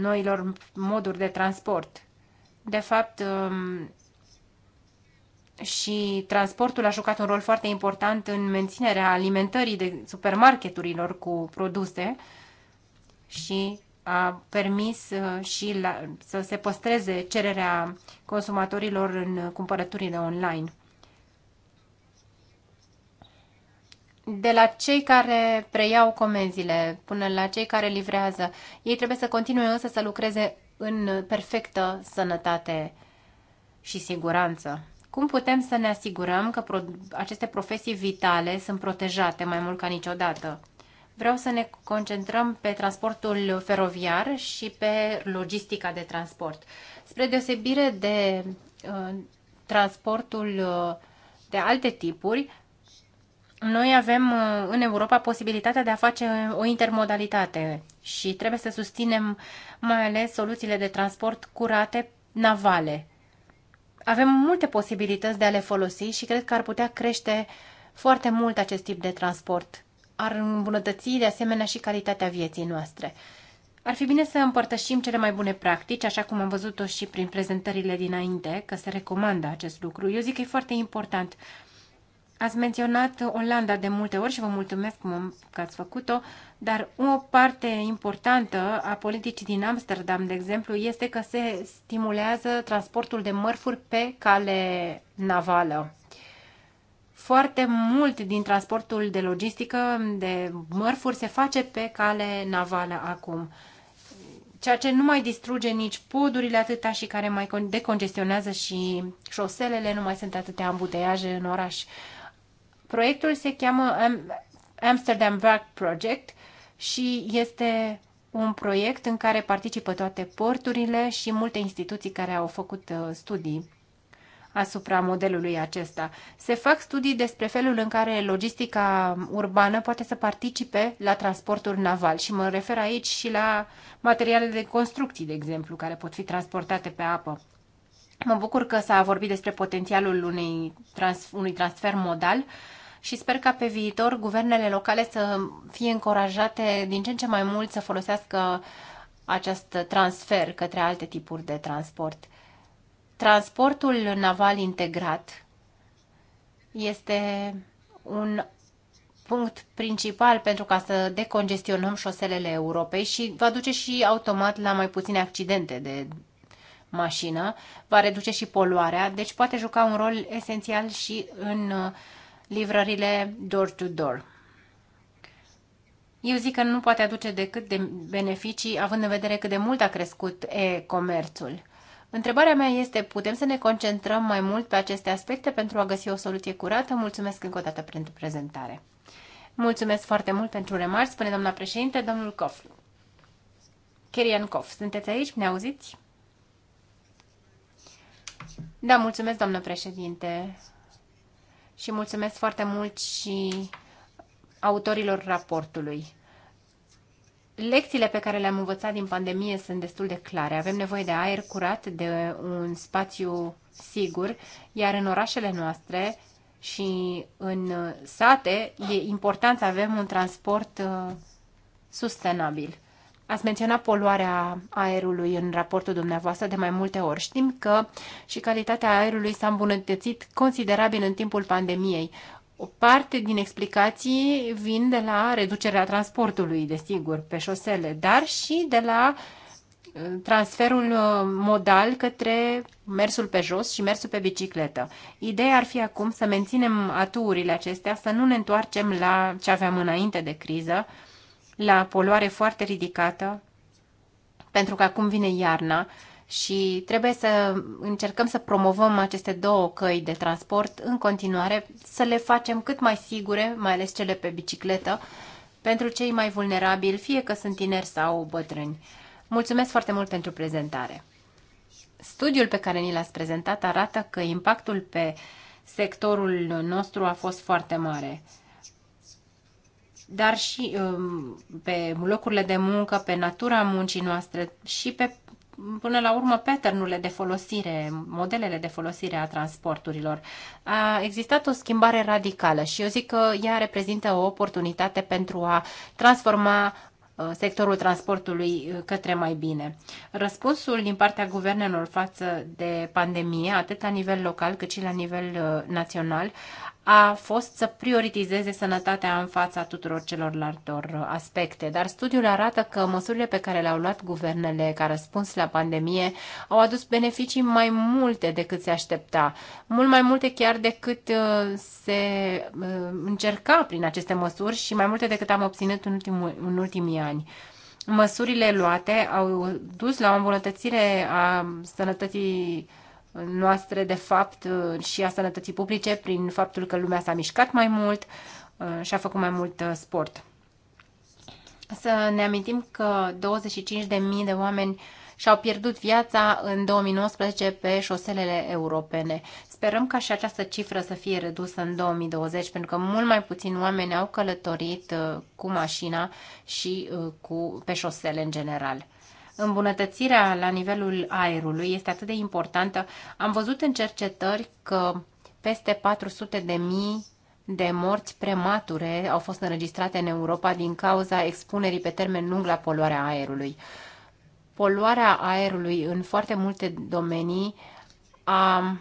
noilor moduri de transport. De fapt, um, și transportul a jucat un rol foarte important în menținerea alimentării de supermarketurilor cu produse și a permis uh, și la, să se păstreze cererea consumatorilor în cumpărăturile online. de la cei care preiau comenzile până la cei care livrează, ei trebuie să continue însă să lucreze în perfectă sănătate și siguranță. Cum putem să ne asigurăm că pro aceste profesii vitale sunt protejate mai mult ca niciodată? Vreau să ne concentrăm pe transportul feroviar și pe logistica de transport. Spre deosebire de uh, transportul uh, de alte tipuri, noi avem uh, în Europa posibilitatea de a face uh, o intermodalitate și trebuie să susținem mai ales soluțiile de transport curate navale. Avem multe posibilități de a le folosi și cred că ar putea crește foarte mult acest tip de transport. Ar îmbunătăți de asemenea și calitatea vieții noastre. Ar fi bine să împărtășim cele mai bune practici, așa cum am văzut-o și prin prezentările dinainte, că se recomandă acest lucru. Eu zic că e foarte important Ați menționat Olanda de multe ori și vă mulțumesc că ați făcut-o, dar o parte importantă a politicii din Amsterdam, de exemplu, este că se stimulează transportul de mărfuri pe cale navală. Foarte mult din transportul de logistică de mărfuri se face pe cale navală acum ceea ce nu mai distruge nici podurile atâta și care mai decongestionează și șoselele, nu mai sunt atâtea ambuteiaje în oraș. Proiectul se cheamă Amsterdam Work Project și este un proiect în care participă toate porturile și multe instituții care au făcut uh, studii asupra modelului acesta. Se fac studii despre felul în care logistica urbană poate să participe la transportul naval și mă refer aici și la materiale de construcții, de exemplu, care pot fi transportate pe apă. Mă bucur că s-a vorbit despre potențialul unei trans- unui transfer modal și sper ca pe viitor guvernele locale să fie încurajate din ce în ce mai mult să folosească acest transfer către alte tipuri de transport. Transportul naval integrat este un punct principal pentru ca să decongestionăm șoselele Europei și va duce și automat la mai puține accidente de mașină, va reduce și poluarea, deci poate juca un rol esențial și în uh, livrările door-to-door. -door. Eu zic că nu poate aduce decât de beneficii, având în vedere cât de mult a crescut e-comerțul. Întrebarea mea este, putem să ne concentrăm mai mult pe aceste aspecte pentru a găsi o soluție curată? Mulțumesc încă o dată pentru prezentare. Mulțumesc foarte mult pentru remarci, spune doamna președinte, domnul Kof. Kerian Kof, sunteți aici? Ne auziți? Da, mulțumesc, doamnă președinte și mulțumesc foarte mult și autorilor raportului. Lecțiile pe care le-am învățat din pandemie sunt destul de clare. Avem nevoie de aer curat, de un spațiu sigur, iar în orașele noastre și în sate e important să avem un transport uh, sustenabil. Ați menționat poluarea aerului în raportul dumneavoastră de mai multe ori. Știm că și calitatea aerului s-a îmbunătățit considerabil în timpul pandemiei. O parte din explicații vin de la reducerea transportului, desigur, pe șosele, dar și de la uh, transferul uh, modal către mersul pe jos și mersul pe bicicletă. Ideea ar fi acum să menținem aturile acestea, să nu ne întoarcem la ce aveam înainte de criză, la poluare foarte ridicată, pentru că acum vine iarna și trebuie să încercăm să promovăm aceste două căi de transport în continuare, să le facem cât mai sigure, mai ales cele pe bicicletă, pentru cei mai vulnerabili, fie că sunt tineri sau bătrâni. Mulțumesc foarte mult pentru prezentare. Studiul pe care ni l-ați prezentat arată că impactul pe sectorul nostru a fost foarte mare dar și um, pe locurile de muncă, pe natura muncii noastre și pe până la urmă patternurile de folosire, modelele de folosire a transporturilor. A existat o schimbare radicală și eu zic că ea reprezintă o oportunitate pentru a transforma uh, sectorul transportului uh, către mai bine. Răspunsul din partea guvernelor față de pandemie, atât la nivel local cât și la nivel uh, național, a fost să prioritizeze sănătatea în fața tuturor celorlaltor aspecte, dar studiul arată că măsurile pe care le-au luat guvernele ca răspuns la pandemie au adus beneficii mai multe decât se aștepta, mult mai multe chiar decât uh, se uh, încerca prin aceste măsuri și mai multe decât am obținut în, ultimul, în ultimii ani măsurile luate au dus la o îmbunătățire a sănătății noastre, de fapt, uh, și a sănătății publice prin faptul că lumea s-a mișcat mai mult uh, și a făcut mai mult uh, sport. Să ne amintim că 25.000 de oameni și-au pierdut viața în 2019 pe șoselele europene. Sperăm ca și această cifră să fie redusă în 2020, pentru că mult mai puțini oameni au călătorit cu mașina și cu, pe șosele în general îmbunătățirea la nivelul aerului este atât de importantă. Am văzut în cercetări că peste 400 de mii de morți premature au fost înregistrate în Europa din cauza expunerii pe termen lung la poluarea aerului. Poluarea aerului în foarte multe domenii a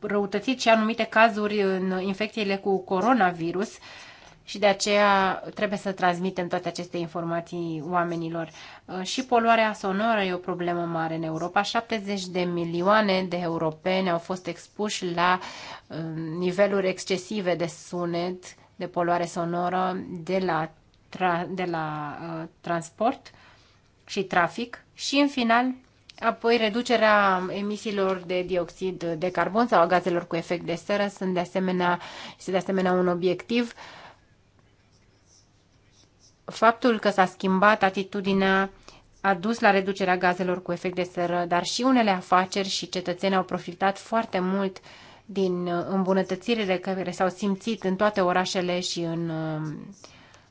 răutățit și anumite cazuri în infecțiile cu coronavirus și de aceea trebuie să transmitem toate aceste informații oamenilor. Uh, și poluarea sonoră e o problemă mare în Europa. 70 de milioane de europeni au fost expuși la uh, niveluri excesive de sunet, de poluare sonoră, de la, tra- de la uh, transport și trafic și, în final, Apoi, reducerea emisiilor de dioxid de carbon sau a gazelor cu efect de seră sunt de asemenea, este de asemenea un obiectiv uh, faptul că s-a schimbat atitudinea a dus la reducerea gazelor cu efect de seră, dar și unele afaceri și cetățeni au profitat foarte mult din uh, îmbunătățirile care s-au simțit în toate orașele și în um,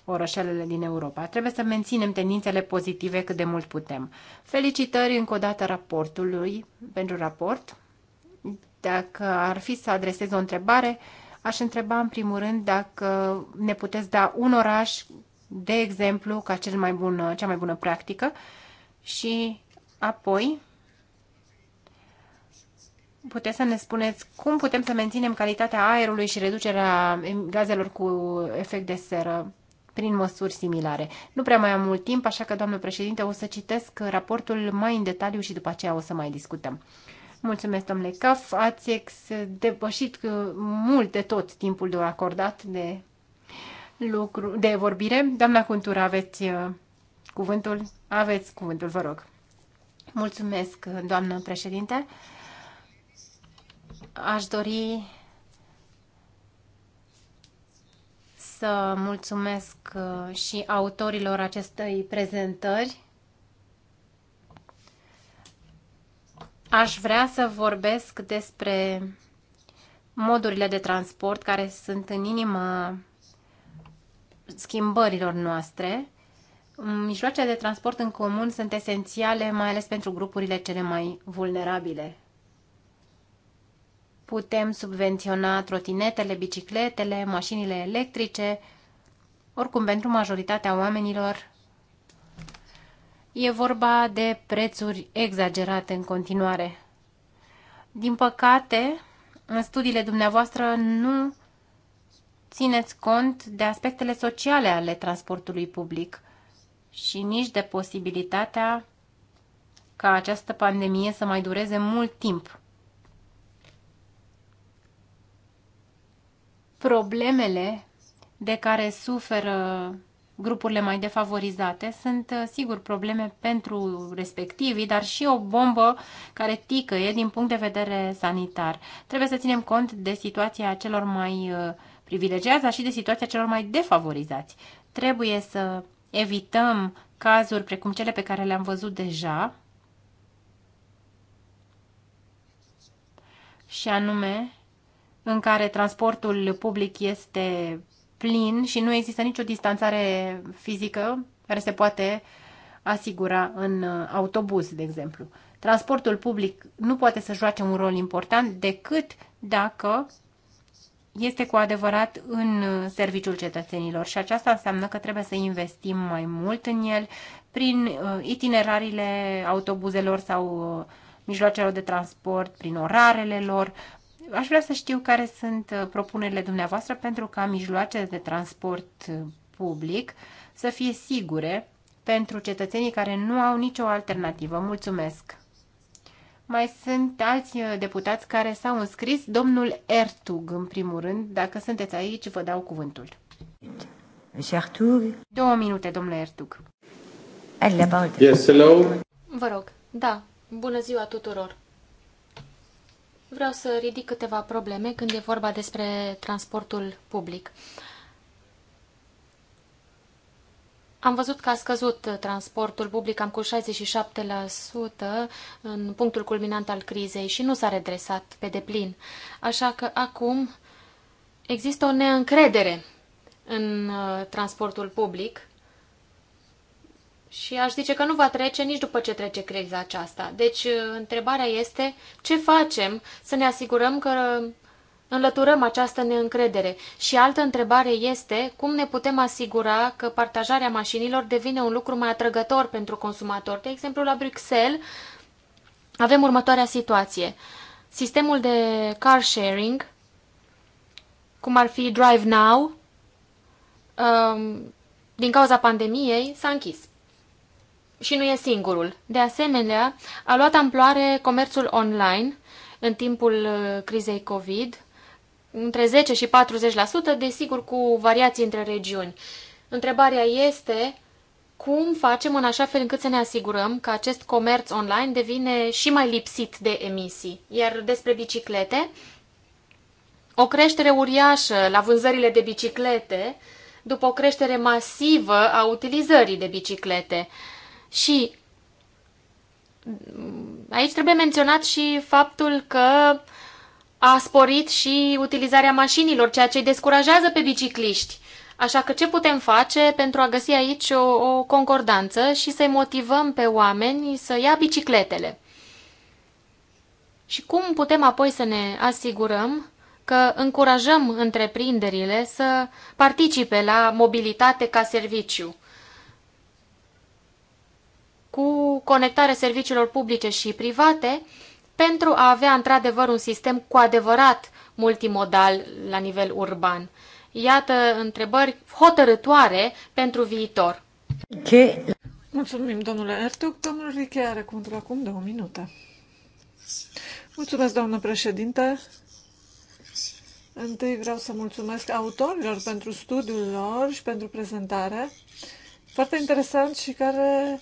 orășelele din Europa. Trebuie să menținem tendințele pozitive cât de mult putem. Felicitări încă o dată raportului pentru raport. Dacă ar fi să adresez o întrebare, aș întreba în primul rând dacă ne puteți da un oraș de exemplu, ca cel mai bun, cea mai bună practică și apoi puteți să ne spuneți cum putem să menținem calitatea aerului și reducerea gazelor cu efect de seră prin măsuri similare. Nu prea mai am mult timp, așa că, doamnă președinte, o să citesc raportul mai în detaliu și după aceea o să mai discutăm. Mulțumesc, domnule Caf, ați depășit uh, mult de tot timpul de acordat de lucru, de vorbire. Doamna Cuntura, aveți uh, cuvântul? Aveți cuvântul, vă rog. Mulțumesc, doamnă președinte. Aș dori să mulțumesc uh, și autorilor acestei prezentări. Aș vrea să vorbesc despre modurile de transport care sunt în inima schimbărilor noastre. Mijloacele de transport în comun sunt esențiale, mai ales pentru grupurile cele mai vulnerabile. Putem subvenționa trotinetele, bicicletele, mașinile electrice, oricum pentru majoritatea oamenilor e vorba de prețuri exagerate în continuare. Din păcate, în studiile dumneavoastră nu țineți cont de aspectele sociale ale transportului public și nici de posibilitatea ca această pandemie să mai dureze mult timp. Problemele de care suferă grupurile mai defavorizate sunt, uh, sigur, probleme pentru respectivii, dar și o bombă care ticăie din punct de vedere sanitar. Trebuie să ținem cont de situația celor mai uh, Privilegiază și de situația celor mai defavorizați. Trebuie să evităm cazuri precum cele pe care le-am văzut deja și anume în care transportul public este plin și nu există nicio distanțare fizică care se poate asigura în uh, autobuz, de exemplu. Transportul public nu poate să joace un rol important decât dacă este cu adevărat în uh, serviciul cetățenilor și aceasta înseamnă că trebuie să investim mai mult în el prin uh, itinerariile autobuzelor sau uh, mijloacelor de transport, prin orarele lor. Aș vrea să știu care sunt propunerile dumneavoastră pentru ca mijloacele de transport public să fie sigure pentru cetățenii care nu au nicio alternativă. Mulțumesc! Mai sunt alți uh, deputați care s-au înscris. Domnul Ertug, în primul rând, dacă sunteți aici, vă dau cuvântul. Două minute, domnule Ertug. Yes, hello. Vă rog, da, bună ziua tuturor. Vreau să ridic câteva probleme când e vorba despre transportul public. Uh, Am văzut că a scăzut uh, transportul public cam cu 67% în punctul culminant al crizei și nu s-a redresat pe deplin. Așa că acum există o neîncredere în uh, transportul public și aș zice că nu va trece nici după ce trece criza aceasta. Deci uh, întrebarea este ce facem să ne asigurăm că înlăturăm această neîncredere. Și altă întrebare este cum ne putem asigura că partajarea mașinilor devine un lucru mai atrăgător pentru consumator. De exemplu, la Bruxelles avem următoarea situație. Sistemul de car sharing, cum ar fi Drive Now, um, din cauza pandemiei, s-a închis. Și nu e singurul. De asemenea, a luat amploare comerțul online în timpul uh, crizei COVID între 10 și 40%, desigur cu variații între regiuni. Întrebarea este cum facem în așa fel încât să ne asigurăm că acest comerț online devine și mai lipsit de emisii. Iar despre biciclete, o creștere uriașă la vânzările de biciclete, după o creștere masivă a utilizării de biciclete. Și aici trebuie menționat și faptul că a sporit și utilizarea mașinilor, ceea ce îi descurajează pe bicicliști. Așa că ce putem face pentru a găsi aici o, o concordanță și să-i motivăm pe oameni să ia bicicletele? Și cum putem apoi să ne asigurăm că încurajăm întreprinderile să participe la mobilitate ca serviciu? Cu conectarea serviciilor publice și private, pentru a avea într-adevăr un sistem cu adevărat multimodal la nivel urban. Iată întrebări hotărătoare pentru viitor. Okay. Mulțumim, domnule Ertug. Domnul Riche are cuvântul acum două minute. Mulțumesc, doamnă președinte. Întâi vreau să mulțumesc autorilor pentru studiul lor și pentru prezentare. Foarte interesant și care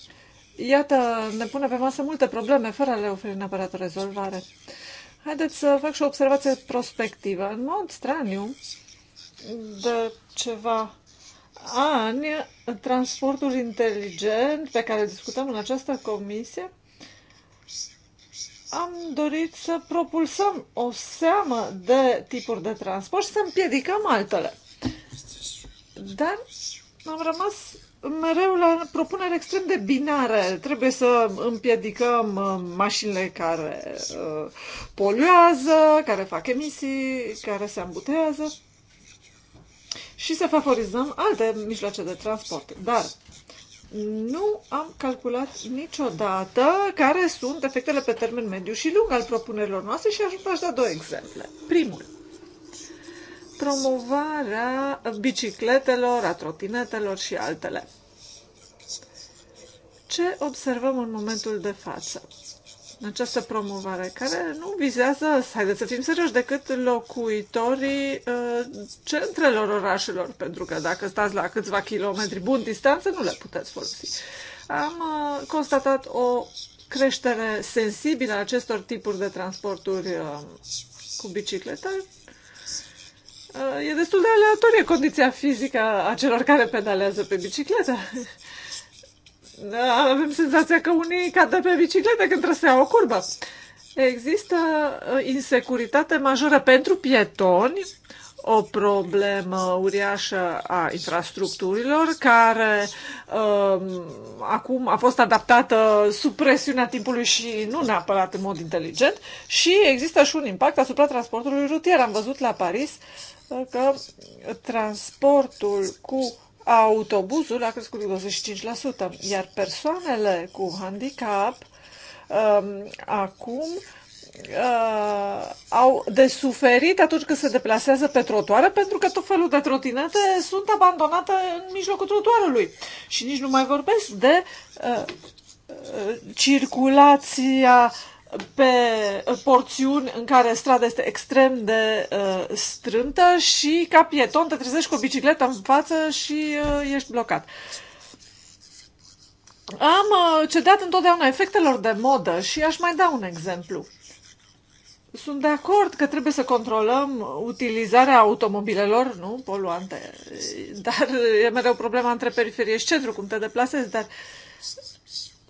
iată, ne pune pe masă multe probleme fără a le oferi neapărat o rezolvare. Haideți să fac și o observație prospectivă. În mod straniu, de ceva ani, transportul inteligent pe care discutăm în această comisie, am dorit să propulsăm o seamă de tipuri de transport și să împiedicăm altele. Dar am rămas mereu la propuneri extrem de binare. Trebuie să împiedicăm uh, mașinile care uh, poluează, care fac emisii, care se ambutează și să favorizăm alte mijloace de transport. Dar nu am calculat niciodată care sunt efectele pe termen mediu și lung al propunerilor noastre și aș vrea da două exemple. Primul, promovarea bicicletelor, a trotinetelor și altele. Ce observăm în momentul de față? în Această promovare care nu vizează, haideți să fim serioși, decât locuitorii uh, centrelor orașelor, pentru că dacă stați la câțiva kilometri bun distanță, nu le puteți folosi. Am uh, constatat o creștere sensibilă a acestor tipuri de transporturi uh, cu bicicletă Uh, e destul de aleatorie condiția fizică a celor care pedalează pe bicicletă. Da, avem senzația că unii cad pe bicicletă când trebuie să o curbă. Există uh, insecuritate majoră pentru pietoni, o problemă uriașă a infrastructurilor care um, acum a fost adaptată sub presiunea timpului și nu neapărat în mod inteligent și există și un impact asupra transportului rutier. Am văzut la Paris uh, că transportul cu autobuzul a crescut cu 25%, iar persoanele cu handicap um, acum uh, au de suferit atunci când se deplasează pe trotuară, pentru că tot felul de trotinete sunt abandonate în mijlocul trotuarului. Și nici nu mai vorbesc de uh, uh circulația pe uh, porțiuni în care strada este extrem de uh, strântă și ca pieton te trezești cu o bicicletă în față și uh, ești blocat. Am uh, cedat întotdeauna efectelor de modă și aș mai da un exemplu. Sunt de acord că trebuie să controlăm utilizarea automobilelor, nu, poluante, dar e mereu problema între periferie și centru, cum te deplasezi, dar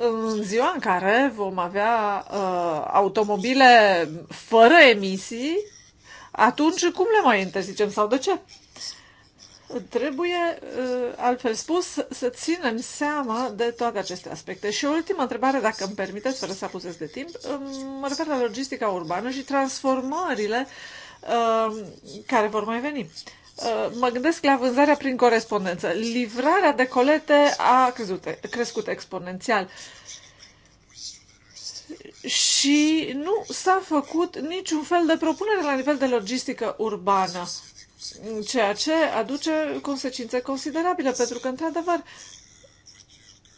în ziua în care vom avea uh, automobile fără emisii, atunci cum le mai interzicem sau de ce? Trebuie, uh, altfel spus, să ținem seama de toate aceste aspecte. Și o ultimă întrebare, dacă îmi permiteți, fără să apuzez de timp, um, mă refer la logistica urbană și transformările uh, care vor mai veni. Uh, Uh, mă gândesc la vânzarea prin corespondență. Livrarea de colete a crezute, crescut exponențial și nu s-a făcut niciun fel de propunere la nivel de logistică urbană, ceea ce aduce consecințe considerabile, pentru că, într-adevăr,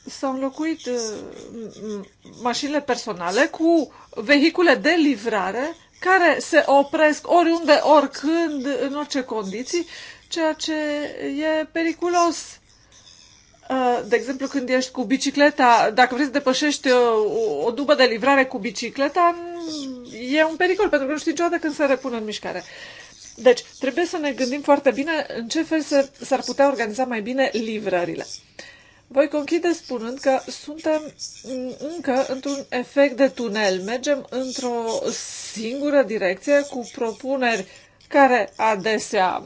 s-au înlocuit uh, mașinile personale cu vehicule de livrare care se opresc oriunde, oricând, în orice condiții, ceea ce e periculos. Uh, de exemplu, când ești cu bicicleta, dacă vrei să depășești uh, o, o dubă de livrare cu bicicleta, mm, e un pericol, pentru că nu știi niciodată când se repune în mișcare. Deci, trebuie să ne gândim foarte bine în ce fel s-ar putea organiza mai bine livrările. Uh, voi conchide spunând că suntem încă într-un efect de tunel. Mergem într-o singură direcție cu propuneri care adesea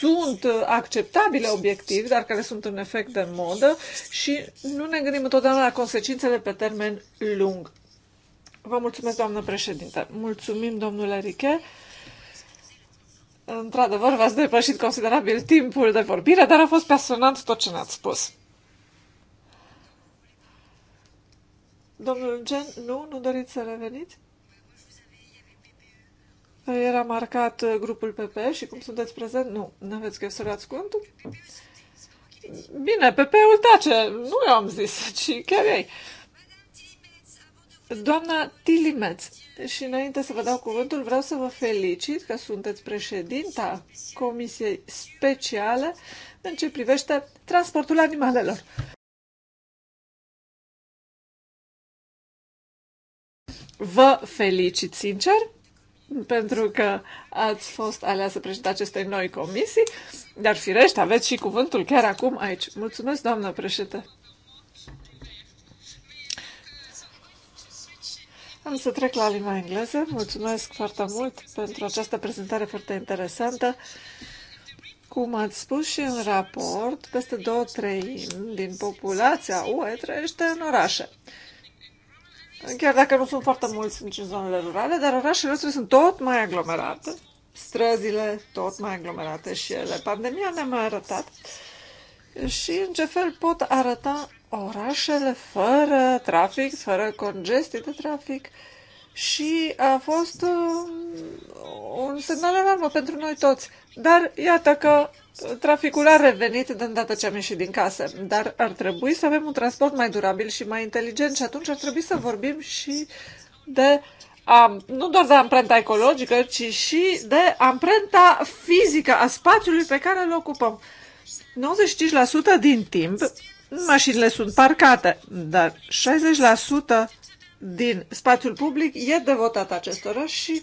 sunt acceptabile obiectiv, dar care sunt în efect de modă și nu ne gândim întotdeauna la consecințele pe termen lung. Vă mulțumesc, doamnă președinte. Mulțumim, domnule Riche. Într-adevăr, v-ați depășit considerabil timpul de vorbire, dar a fost pasionant tot ce ne-ați spus. Domnul Gen, nu? Nu doriți să reveniți? Era marcat uh, grupul PP și cum sunteți prezent? Nu. Nu aveți că să luați contul? Bine, PP-ul tace. Nu eu am zis, ci chiar ei. Doamna Tilimeț, și înainte să vă dau cuvântul, vreau să vă felicit că sunteți președinta Comisiei Speciale în ce privește transportul animalelor. Vă felicit sincer pentru că ați fost aleasă președinte acestei noi comisii, dar firește, aveți și cuvântul chiar acum aici. Mulțumesc, doamnă președinte. Am să trec la limba engleză. Mulțumesc foarte mult pentru această prezentare foarte interesantă. Cum ați spus și în raport, peste două treimi din populația UE trăiește în orașe. Chiar dacă nu sunt foarte mulți nici în zonele rurale, dar orașele noastre sunt tot mai aglomerate, străzile tot mai aglomerate și ele. Pandemia ne-a mai arătat și în ce fel pot arăta orașele fără trafic, fără congestii de trafic, și a fost uh, un semnal alarmă pentru noi toți. Dar iată că traficul a revenit de îndată ce am ieșit din casă. Dar ar trebui să avem un transport mai durabil și mai inteligent și atunci ar trebui să vorbim și de um, nu doar de amprenta ecologică, ci și de amprenta fizică a spațiului pe care îl ocupăm. 95% din timp mașinile sunt parcate, dar 60% din spațiul public e devotată acestora și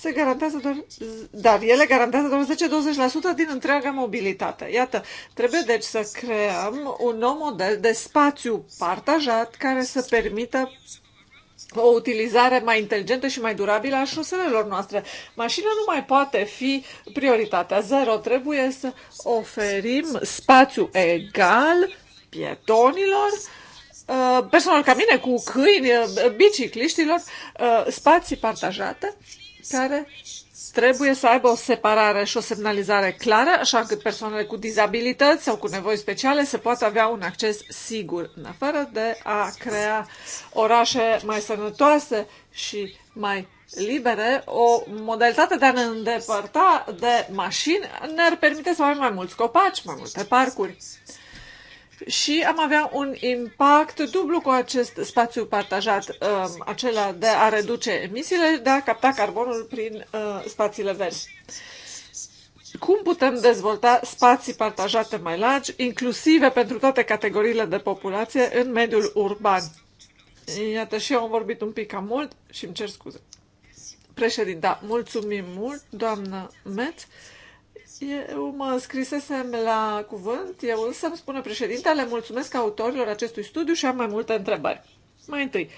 se garantează doar, dar ele garantează doar 10-20% din întreaga mobilitate. Iată, trebuie deci să creăm un nou model de spațiu partajat care să permită o utilizare mai inteligentă și mai durabilă a șoselelor noastre. Mașina nu mai poate fi prioritatea zero. Trebuie să oferim spațiu egal pietonilor Uh, personal ca mine, cu câini, uh, bicicliștilor, uh, spații partajate care trebuie să aibă o separare și o semnalizare clară, așa încât persoanele cu dizabilități sau cu nevoi speciale să poată avea un acces sigur, în afară de a crea orașe mai sănătoase și mai libere, o modalitate de a ne îndepărta de mașini ne-ar permite să avem mai mulți copaci, mai multe parcuri și am avea un impact dublu cu acest spațiu partajat, um, acela de a reduce emisiile, de a capta carbonul prin uh, spațiile verzi. Cum putem dezvolta spații partajate mai largi, inclusive pentru toate categoriile de populație în mediul urban? Iată, și eu am vorbit un pic cam mult și îmi cer scuze. da, mulțumim mult, doamnă Metz. Eu mă scrisesem la cuvânt, eu să mi spună președintele, mulțumesc autorilor acestui studiu și am mai multe întrebări. Mai întâi,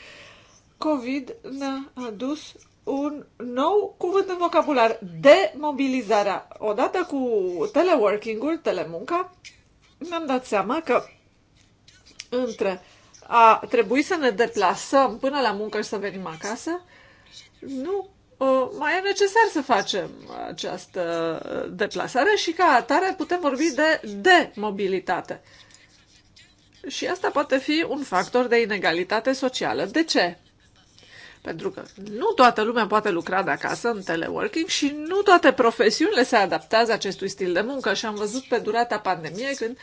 COVID ne-a adus un nou cuvânt în vocabular, demobilizarea. Odată cu teleworking-ul, telemunca, mi-am dat seama că între a trebui să ne deplasăm până la muncă și să venim acasă, nu Uh, mai e necesar să facem această deplasare și ca atare putem vorbi de demobilitate. Și asta poate fi un factor de inegalitate socială. De ce? Pentru că nu toată lumea poate lucra de acasă în teleworking și nu toate profesiunile se adaptează acestui stil de muncă și am văzut pe durata pandemiei când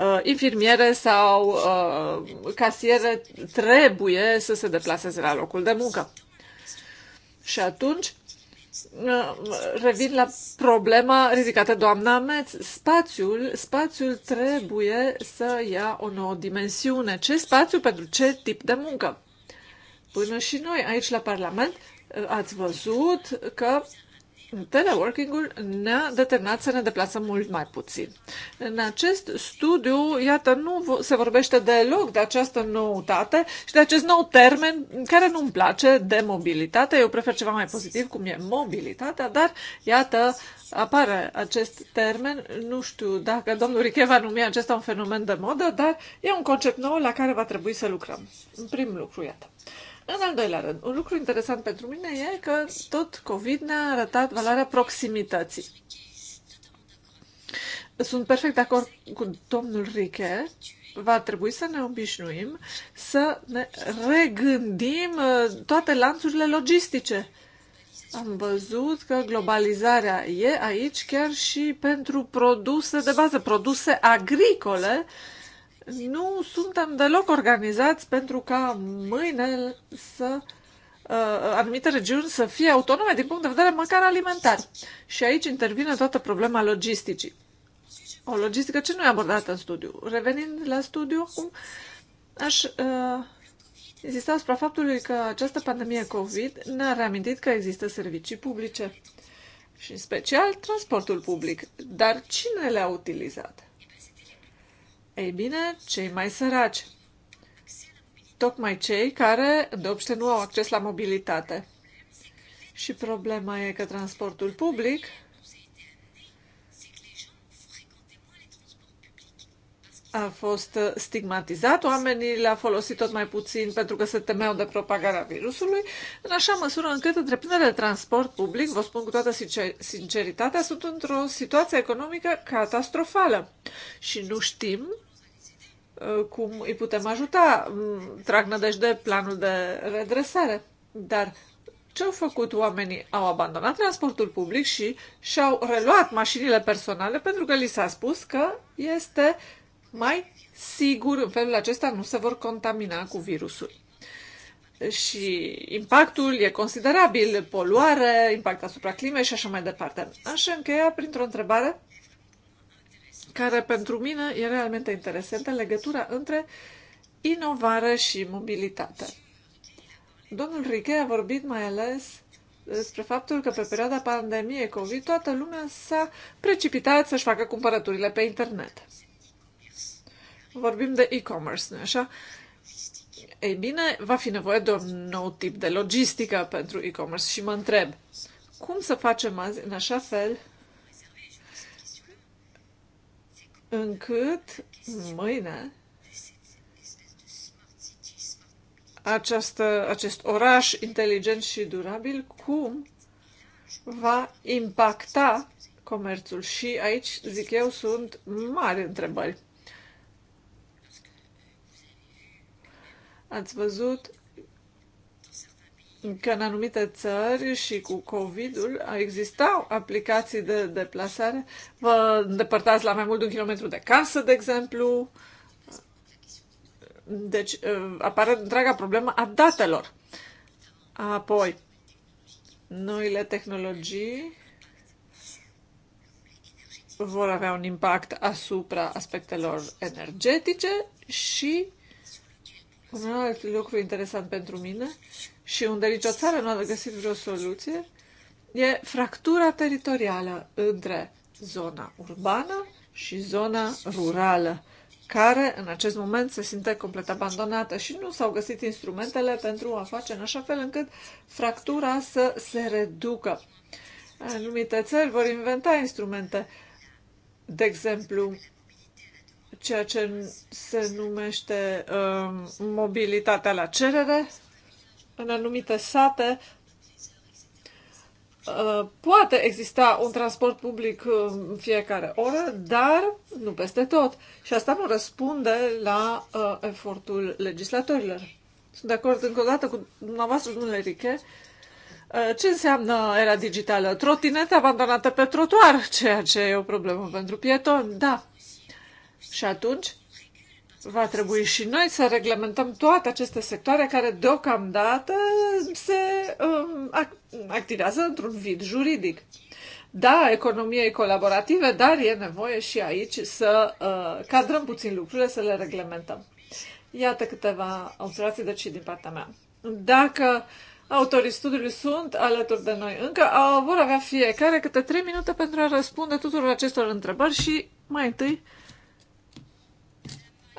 uh, infirmiere sau uh, casiere trebuie să se deplaseze la locul de muncă. Și atunci uh, revin la problema ridicată doamna Metz. Spațiul, spațiul trebuie să ia o nouă dimensiune. Ce spațiu pentru ce tip de muncă? Până și noi aici la Parlament uh, ați văzut că teleworking-ul ne-a determinat să ne deplasăm mult mai puțin. În acest studiu, iată, nu se vorbește deloc de această noutate și de acest nou termen care nu-mi place de mobilitate. Eu prefer ceva mai pozitiv, cum e mobilitatea, dar iată, apare acest termen. Nu știu dacă domnul Riche va numi acesta un fenomen de modă, dar e un concept nou la care va trebui să lucrăm. În primul lucru, iată. În al doilea rând, un lucru interesant pentru mine e că tot COVID ne-a arătat valoarea proximității. Sunt perfect de acord cu domnul Riche. Va trebui să ne obișnuim să ne regândim uh, toate lanțurile logistice. Am văzut că globalizarea e aici chiar și pentru produse de bază, produse agricole uh, nu suntem deloc organizați pentru ca mâine să uh, anumite regiuni să fie autonome din punct de vedere măcar alimentar. Și aici intervine toată problema logisticii. O logistică ce nu e abordată în studiu. Revenind la studiu, cum aș uh, insista asupra faptului că această pandemie COVID ne-a reamintit că există servicii publice și în special transportul public. Dar cine le-a utilizat? Ei bine, cei mai săraci. Tocmai cei care, de nu au acces la mobilitate. Și problema e că transportul public a fost stigmatizat, oamenii le-a folosit tot mai puțin pentru că se temeau de propagarea virusului, în așa măsură încât întreprinderile de transport public, vă spun cu toată sinceritatea, sunt într-o situație economică catastrofală și nu știm Uh, cum îi putem ajuta. Mm, trag nădejde planul de redresare. Dar ce au făcut oamenii? Au abandonat transportul public și și-au reluat mașinile personale pentru că li s-a spus că este mai sigur, în felul acesta nu se vor contamina cu virusul. Și impactul e considerabil, poluare, impact asupra climei și așa mai departe. Aș încheia printr-o întrebare care pentru mine e realmente interesantă, legătura între inovare și mobilitate. Domnul Riche a vorbit mai ales despre faptul că pe perioada pandemiei COVID toată lumea s-a precipitat să-și facă cumpărăturile pe internet. Vorbim de e-commerce, nu așa? Ei bine, va fi nevoie de un nou tip de logistică pentru e-commerce și mă întreb, cum să facem azi în așa fel încât mâine această, acest oraș inteligent și durabil, cum va impacta comerțul. Și aici, zic eu, sunt mari întrebări. Ați văzut că în anumite țări și cu COVID-ul existau aplicații de deplasare. Vă îndepărtați la mai mult de un kilometru de casă, de exemplu. Deci uh, apare întreaga problemă a datelor. Apoi, noile tehnologii vor avea un impact asupra aspectelor energetice și un alt lucru interesant pentru mine și unde nicio țară nu a găsit vreo soluție, e fractura teritorială între zona urbană și zona rurală, care în acest moment se simte complet abandonată și nu s-au găsit instrumentele pentru a face în așa fel încât fractura să se reducă. Anumite țări vor inventa instrumente, de exemplu, ceea ce se numește uh, mobilitatea la cerere, în anumite sate uh, poate exista un transport public uh, în fiecare oră, dar nu peste tot. Și asta nu răspunde la uh, efortul legislatorilor. Sunt de acord încă o dată cu dumneavoastră, domnule Riche. ce înseamnă era digitală? Trotinete abandonată pe trotuar, ceea ce e o problemă pentru pietoni, da. Și atunci va trebui și noi să reglementăm toate aceste sectoare care deocamdată se um, activează într-un vid juridic. Da, economiei colaborative, dar e nevoie și aici să uh, cadrăm puțin lucrurile, să le reglementăm. Iată câteva observații de și din partea mea. Dacă autorii studiului sunt alături de noi încă, vor avea fiecare câte 3 minute pentru a răspunde tuturor acestor întrebări și mai întâi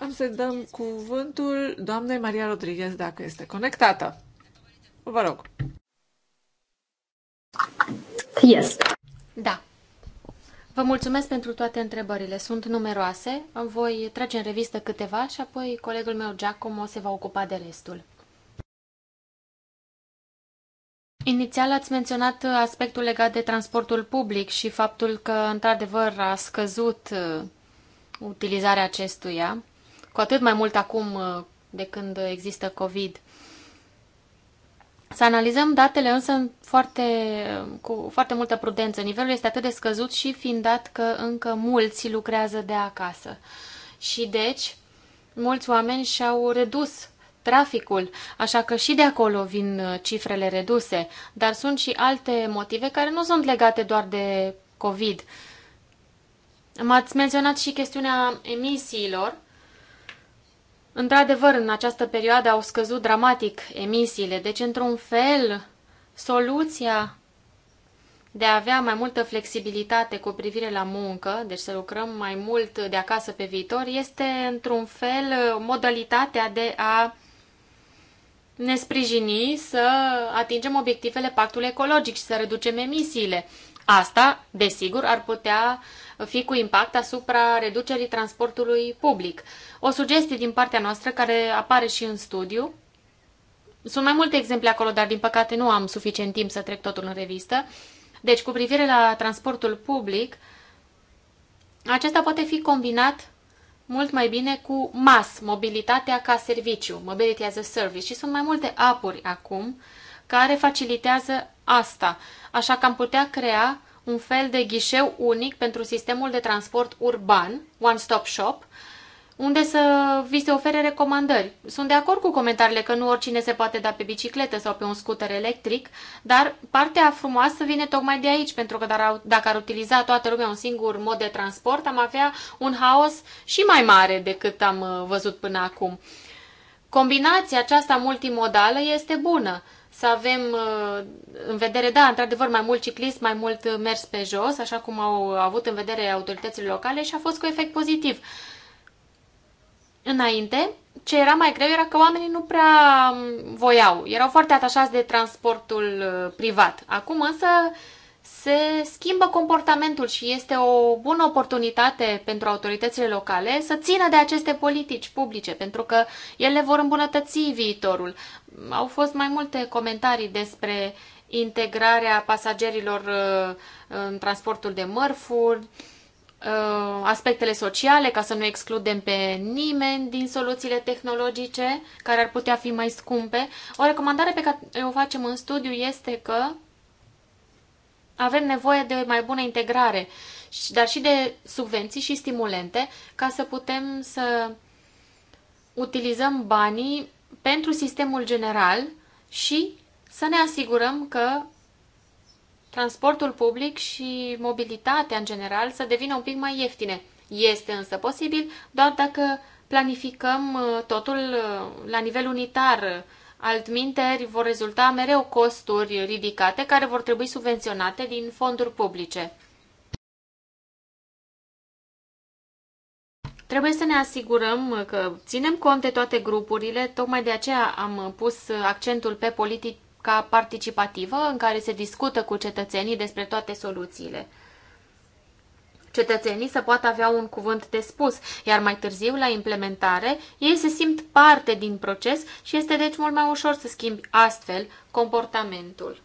am să dăm cuvântul doamnei Maria Rodriguez, dacă este conectată. Vă rog. Yes. Da. Vă mulțumesc pentru toate întrebările. Sunt numeroase. Voi trage în revistă câteva și apoi colegul meu Giacomo se va ocupa de restul. Inițial ați menționat aspectul legat de transportul public și faptul că, într-adevăr, a scăzut uh, utilizarea acestuia cu atât mai mult acum uh, de când există COVID. Să analizăm datele însă foarte, cu foarte multă prudență. Nivelul este atât de scăzut și fiind dat că încă mulți lucrează de acasă. Și deci, mulți oameni și-au redus traficul, așa că și de acolo vin uh, cifrele reduse, dar sunt și alte motive care nu sunt legate doar de COVID. M-ați menționat și chestiunea emisiilor Într-adevăr, în această perioadă au scăzut dramatic emisiile, deci, într-un fel, soluția de a avea mai multă flexibilitate cu privire la muncă, deci să lucrăm mai mult de acasă pe viitor, este, într-un fel, modalitatea de a ne sprijini să atingem obiectivele pactului ecologic și să reducem emisiile. Asta, desigur, ar putea fi cu impact asupra reducerii transportului public. O sugestie din partea noastră care apare și în studiu. Sunt mai multe exemple acolo, dar din păcate nu am suficient timp să trec totul în revistă. Deci, cu privire la transportul public, acesta poate fi combinat mult mai bine cu MAS, mobilitatea ca serviciu, Mobility as a Service. Și sunt mai multe apuri acum care facilitează asta. Așa că am putea crea un fel de ghișeu unic pentru sistemul de transport urban, One Stop Shop, unde să vi se ofere recomandări. Sunt de acord cu comentariile că nu oricine se poate da pe bicicletă sau pe un scooter electric, dar partea frumoasă vine tocmai de aici, pentru că dacă ar utiliza toată lumea un singur mod de transport, am avea un haos și mai mare decât am uh, văzut până acum. Combinația aceasta multimodală este bună, să avem uh, în vedere, da, într-adevăr, mai mult ciclist, mai mult uh, mers pe jos, așa cum au avut în vedere autoritățile locale și a fost cu efect pozitiv. Înainte, ce era mai greu era că oamenii nu prea um, voiau, erau foarte atașați de transportul uh, privat. Acum însă se schimbă comportamentul și este o bună oportunitate pentru autoritățile locale să țină de aceste politici publice, pentru că ele vor îmbunătăți viitorul. Au fost mai multe comentarii despre integrarea pasagerilor uh, în transportul de mărfuri, uh, aspectele sociale, ca să nu excludem pe nimeni din soluțiile tehnologice care ar putea fi mai scumpe. O recomandare pe care o facem în studiu este că avem nevoie de mai bună integrare, dar și de subvenții și stimulente ca să putem să utilizăm banii pentru sistemul general și să ne asigurăm că transportul public și mobilitatea în general să devină un pic mai ieftine. Este însă posibil doar dacă planificăm uh, totul uh, la nivel unitar, Altminteri vor rezulta mereu costuri ridicate care vor trebui subvenționate din fonduri publice. Trebuie să ne asigurăm că ținem cont de toate grupurile, tocmai de aceea am pus accentul pe politica participativă în care se discută cu cetățenii despre toate soluțiile cetățenii să poată avea un cuvânt de spus, iar mai târziu, la implementare, ei se simt parte din proces și este deci mult mai ușor să schimbi astfel comportamentul.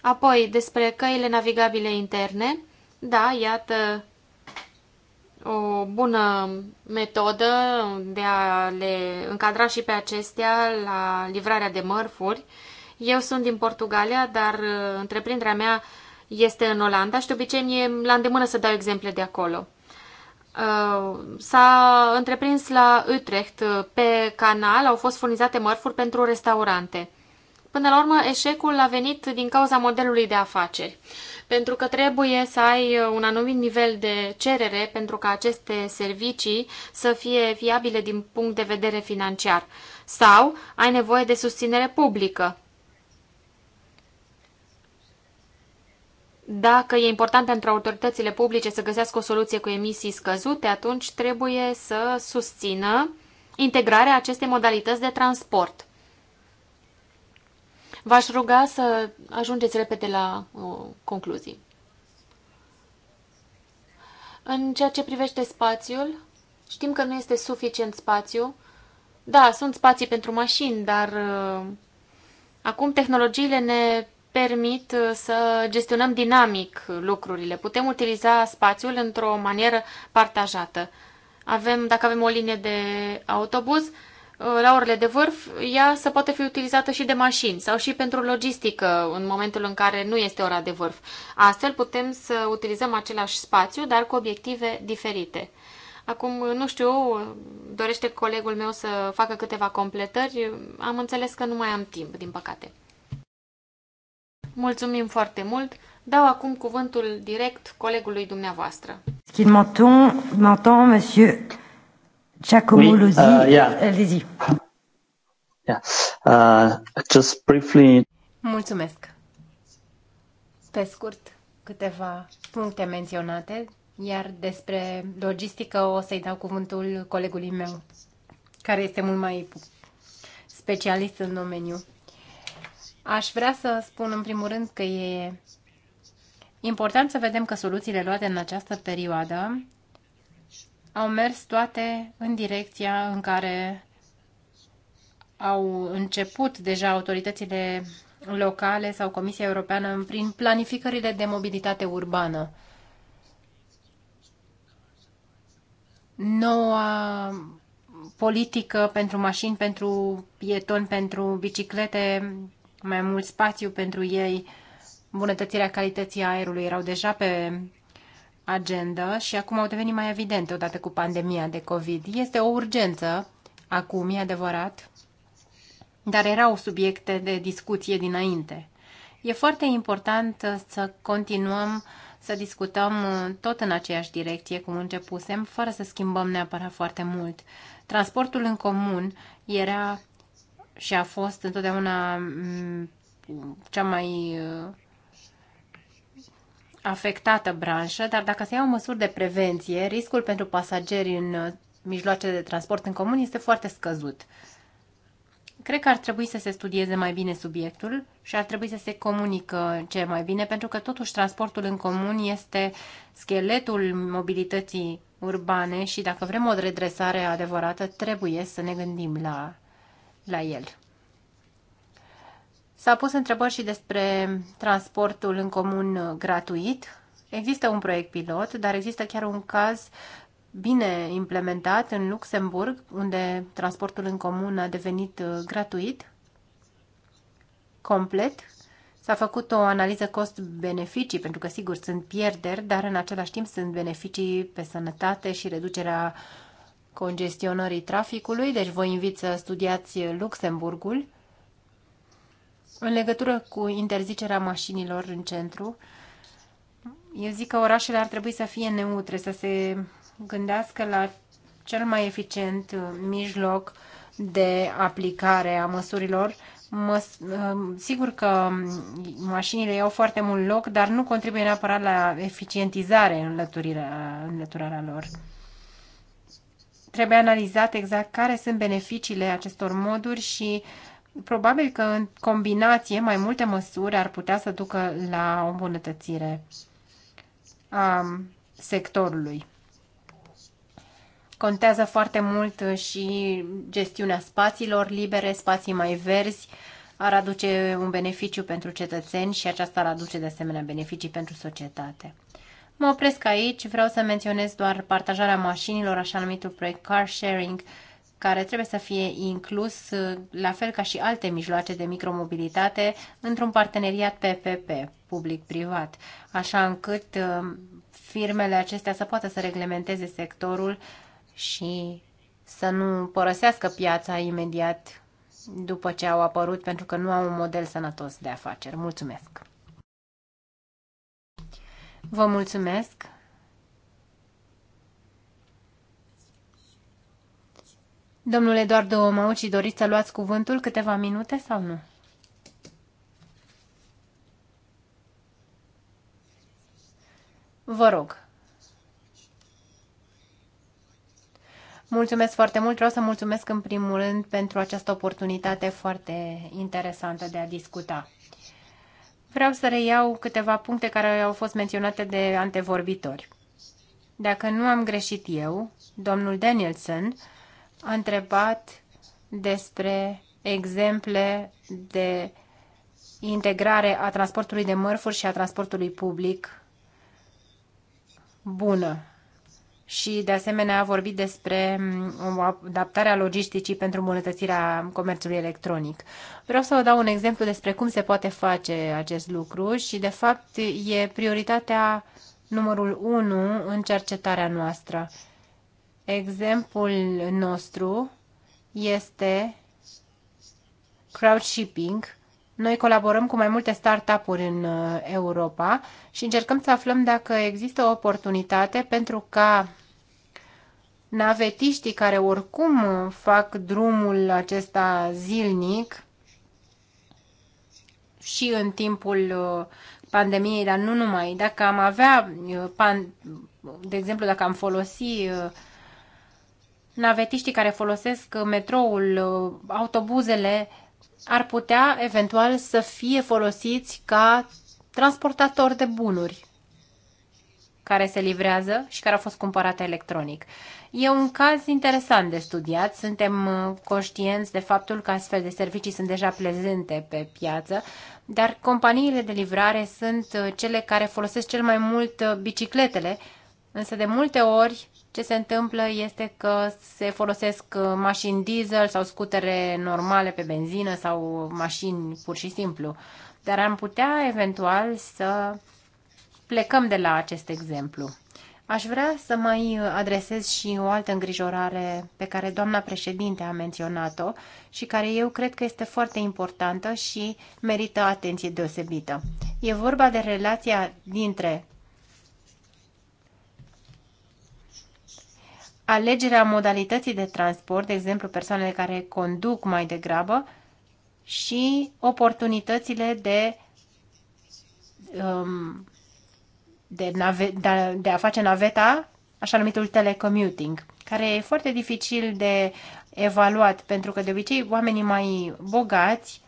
Apoi, despre căile navigabile interne, da, iată o bună metodă de a le încadra și pe acestea la livrarea de mărfuri. Eu sunt din Portugalia, dar întreprinderea mea este în Olanda și de obicei mi-e la îndemână să dau exemple de acolo. Uh, s-a întreprins la Utrecht uh, pe canal, au fost furnizate mărfuri pentru restaurante. Până la urmă, eșecul a venit din cauza modelului de afaceri, pentru că trebuie să ai uh, un anumit nivel de cerere pentru ca aceste servicii să fie viabile din punct de vedere financiar. Sau ai nevoie de susținere publică. dacă e important pentru autoritățile publice să găsească o soluție cu emisii scăzute, atunci trebuie să susțină integrarea acestei modalități de transport. V-aș ruga să ajungeți repede la uh, concluzii. În ceea ce privește spațiul, știm că nu este suficient spațiu. Da, sunt spații pentru mașini, dar uh, acum tehnologiile ne permit uh, să gestionăm dinamic lucrurile. Putem utiliza spațiul într-o manieră partajată. Avem, dacă avem o linie de autobuz, uh, la orele de vârf, ea să poate fi utilizată și de mașini sau și pentru logistică în momentul în care nu este ora de vârf. Astfel putem să utilizăm același spațiu, dar cu obiective diferite. Acum, nu știu, dorește colegul meu să facă câteva completări. Am înțeles că nu mai am timp, din păcate. Mulțumim foarte mult. Dau acum cuvântul direct colegului dumneavoastră. Qu'il m'entend, m'entend, monsieur Giacomo oui, Luzzi. Uh, yeah. Allez-y. Yeah. Uh, just briefly... Mulțumesc. Pe scurt, câteva puncte menționate, iar despre logistică o să-i dau cuvântul colegului meu, care este mult mai specialist în domeniu. Aș vrea să spun în primul rând că e important să vedem că soluțiile luate în această perioadă au mers toate în direcția în care au început deja autoritățile locale sau Comisia Europeană prin planificările de mobilitate urbană. Noua politică pentru mașini, pentru pietoni, pentru biciclete mai mult spațiu pentru ei, bunătățirea calității aerului erau deja pe agenda și acum au devenit mai evidente odată cu pandemia de COVID. Este o urgență acum, e adevărat, dar erau subiecte de discuție dinainte. E foarte important să continuăm să discutăm tot în aceeași direcție cum începusem, fără să schimbăm neapărat foarte mult. Transportul în comun era și a fost întotdeauna mm, cea mai uh, afectată branșă, dar dacă se iau măsuri de prevenție, riscul pentru pasageri în uh, mijloace de transport în comun este foarte scăzut. Cred că ar trebui să se studieze mai bine subiectul și ar trebui să se comunică ce mai bine, pentru că totuși transportul în comun este scheletul mobilității urbane și dacă vrem o redresare adevărată, trebuie să ne gândim la la el. S-a pus întrebări și despre transportul în comun uh, gratuit. Există un proiect pilot, dar există chiar un caz bine implementat în Luxemburg, unde transportul în comun a devenit uh, gratuit, complet. S-a făcut o analiză cost-beneficii, pentru că, sigur, sunt pierderi, dar în același timp sunt beneficii pe sănătate și reducerea uh, congestionării traficului, deci vă invit să studiați Luxemburgul. În legătură cu interzicerea mașinilor în centru, eu zic că orașele ar trebui să fie neutre, să se gândească la cel mai eficient uh, mijloc de aplicare a măsurilor. Mă, uh, sigur că um, mașinile iau foarte mult loc, dar nu contribuie neapărat la eficientizare în uh, înlăturarea lor trebuie analizat exact care sunt beneficiile acestor moduri și probabil că în combinație mai multe măsuri ar putea să ducă la o îmbunătățire a sectorului. Contează foarte mult și gestiunea spațiilor libere, spații mai verzi, ar aduce un beneficiu pentru cetățeni și aceasta ar aduce de asemenea beneficii pentru societate. Mă opresc aici, vreau să menționez doar partajarea mașinilor, așa numitul proiect car sharing, care trebuie să fie inclus, la fel ca și alte mijloace de micromobilitate, într-un parteneriat PPP, public-privat, așa încât um, firmele acestea să poată să reglementeze sectorul și să nu părăsească piața imediat după ce au apărut, pentru că nu au un model sănătos de afaceri. Mulțumesc! Vă mulțumesc. Domnule Eduardo Mauci, doriți să luați cuvântul câteva minute sau nu? Vă rog. Mulțumesc foarte mult. Vreau să mulțumesc în primul rând pentru această oportunitate foarte interesantă de a discuta. Vreau să reiau câteva puncte care au fost menționate de antevorbitori. Dacă nu am greșit eu, domnul Danielson a întrebat despre exemple de integrare a transportului de mărfuri și a transportului public bună și de asemenea a vorbit despre mm, adaptarea logisticii pentru îmbunătățirea comerțului electronic. Vreau să vă dau un exemplu despre cum se poate face acest lucru și de fapt e prioritatea numărul 1 în cercetarea noastră. Exemplul nostru este crowdshipping. Noi colaborăm cu mai multe startup-uri în uh, Europa și încercăm să aflăm dacă există o oportunitate pentru ca navetiștii care oricum fac drumul acesta zilnic și în timpul uh, pandemiei, dar nu numai. Dacă am avea, uh, de exemplu, dacă am folosi uh, navetiștii care folosesc metroul, autobuzele, ar putea eventual să fie folosiți ca transportatori de bunuri care se livrează și care au fost cumpărate electronic. E un caz interesant de studiat. Suntem uh, conștienți de faptul că astfel de servicii sunt deja prezente pe piață, dar companiile de livrare sunt uh, cele care folosesc cel mai mult uh, bicicletele, însă de multe ori ce se întâmplă este că se folosesc mașini diesel sau scutere normale pe benzină sau mașini pur și simplu. Dar am putea eventual să plecăm de la acest exemplu. Aș vrea să mai adresez și o altă îngrijorare pe care doamna președinte a menționat-o și care eu cred că este foarte importantă și merită atenție deosebită. E vorba de relația dintre alegerea modalității de transport, de exemplu persoanele care conduc mai degrabă, și oportunitățile de um, de, nave, de, de a face naveta, așa numitul telecommuting, care e foarte dificil de evaluat, pentru că de obicei oamenii mai bogați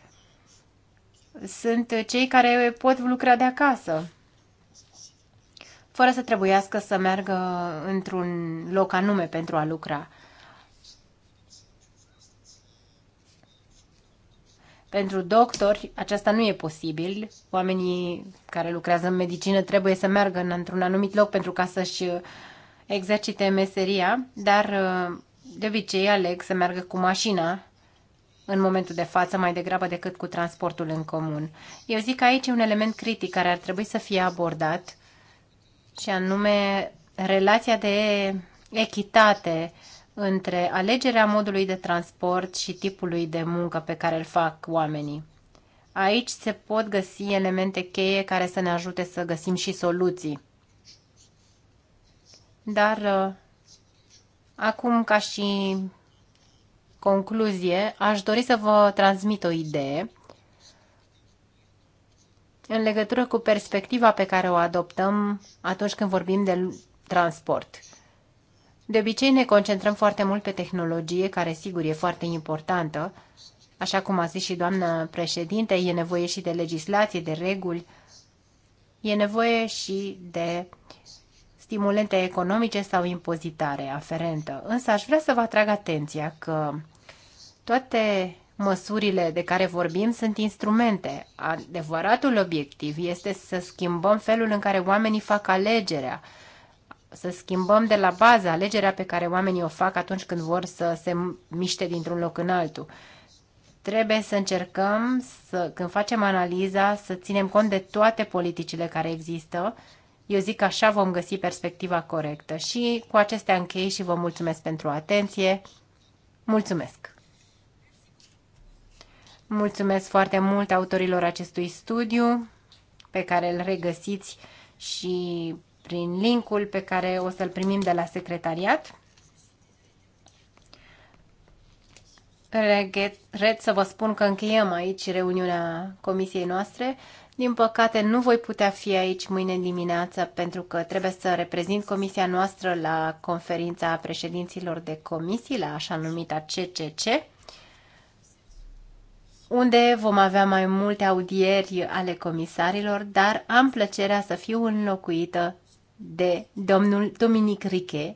sunt cei care pot lucra de acasă, fără să trebuiască să meargă într-un loc anume pentru a lucra. Pentru doctori aceasta nu e posibil. Oamenii care lucrează în medicină trebuie să meargă într-un anumit loc pentru ca să-și uh, exercite meseria, dar uh, de obicei aleg să meargă cu mașina în momentul de față mai degrabă decât cu transportul în comun. Eu zic că aici e un element critic care ar trebui să fie abordat și anume relația de echitate între alegerea modului de transport și tipului de muncă pe care îl fac oamenii. Aici se pot găsi elemente cheie care să ne ajute să găsim și soluții. Dar uh, acum, ca și concluzie, aș dori să vă transmit o idee în legătură cu perspectiva pe care o adoptăm atunci când vorbim de transport. De obicei ne concentrăm foarte mult pe tehnologie, care sigur e foarte importantă. Așa cum a zis și doamna președinte, e nevoie și de legislație, de reguli, e nevoie și de stimulente economice sau impozitare aferentă. Însă aș vrea să vă atrag atenția că toate măsurile de care vorbim sunt instrumente. Adevăratul obiectiv este să schimbăm felul în care oamenii fac alegerea, să schimbăm de la bază alegerea pe care oamenii o fac atunci când vor să se miște dintr-un loc în altul. Trebuie să încercăm, să, când facem analiza, să ținem cont de toate politicile care există. Eu zic că așa vom găsi perspectiva corectă. Și cu acestea închei și vă mulțumesc pentru atenție. Mulțumesc! Mulțumesc foarte mult autorilor acestui studiu pe care îl regăsiți și prin linkul pe care o să-l primim de la secretariat. Regret să vă spun că încheiem aici reuniunea comisiei noastre. Din păcate, nu voi putea fi aici mâine dimineață pentru că trebuie să reprezint comisia noastră la conferința președinților de comisii, la așa numita CCC, unde vom avea mai multe audieri ale comisarilor, dar am plăcerea să fiu înlocuită de domnul Dominic Riche,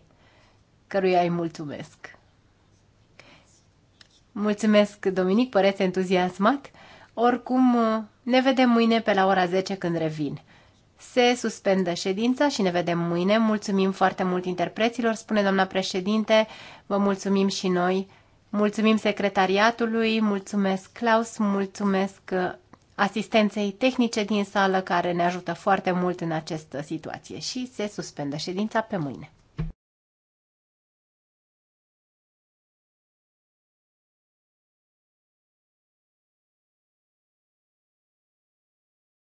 căruia îi mulțumesc. Mulțumesc, Dominic, păreți entuziasmat. Oricum, ne vedem mâine pe la ora 10 când revin. Se suspendă ședința și ne vedem mâine. Mulțumim foarte mult interpreților, spune doamna președinte. Vă mulțumim și noi. Mulțumim secretariatului, mulțumesc Claus, mulțumesc asistenței tehnice din sală care ne ajută foarte mult în această situație și se suspendă ședința pe mâine.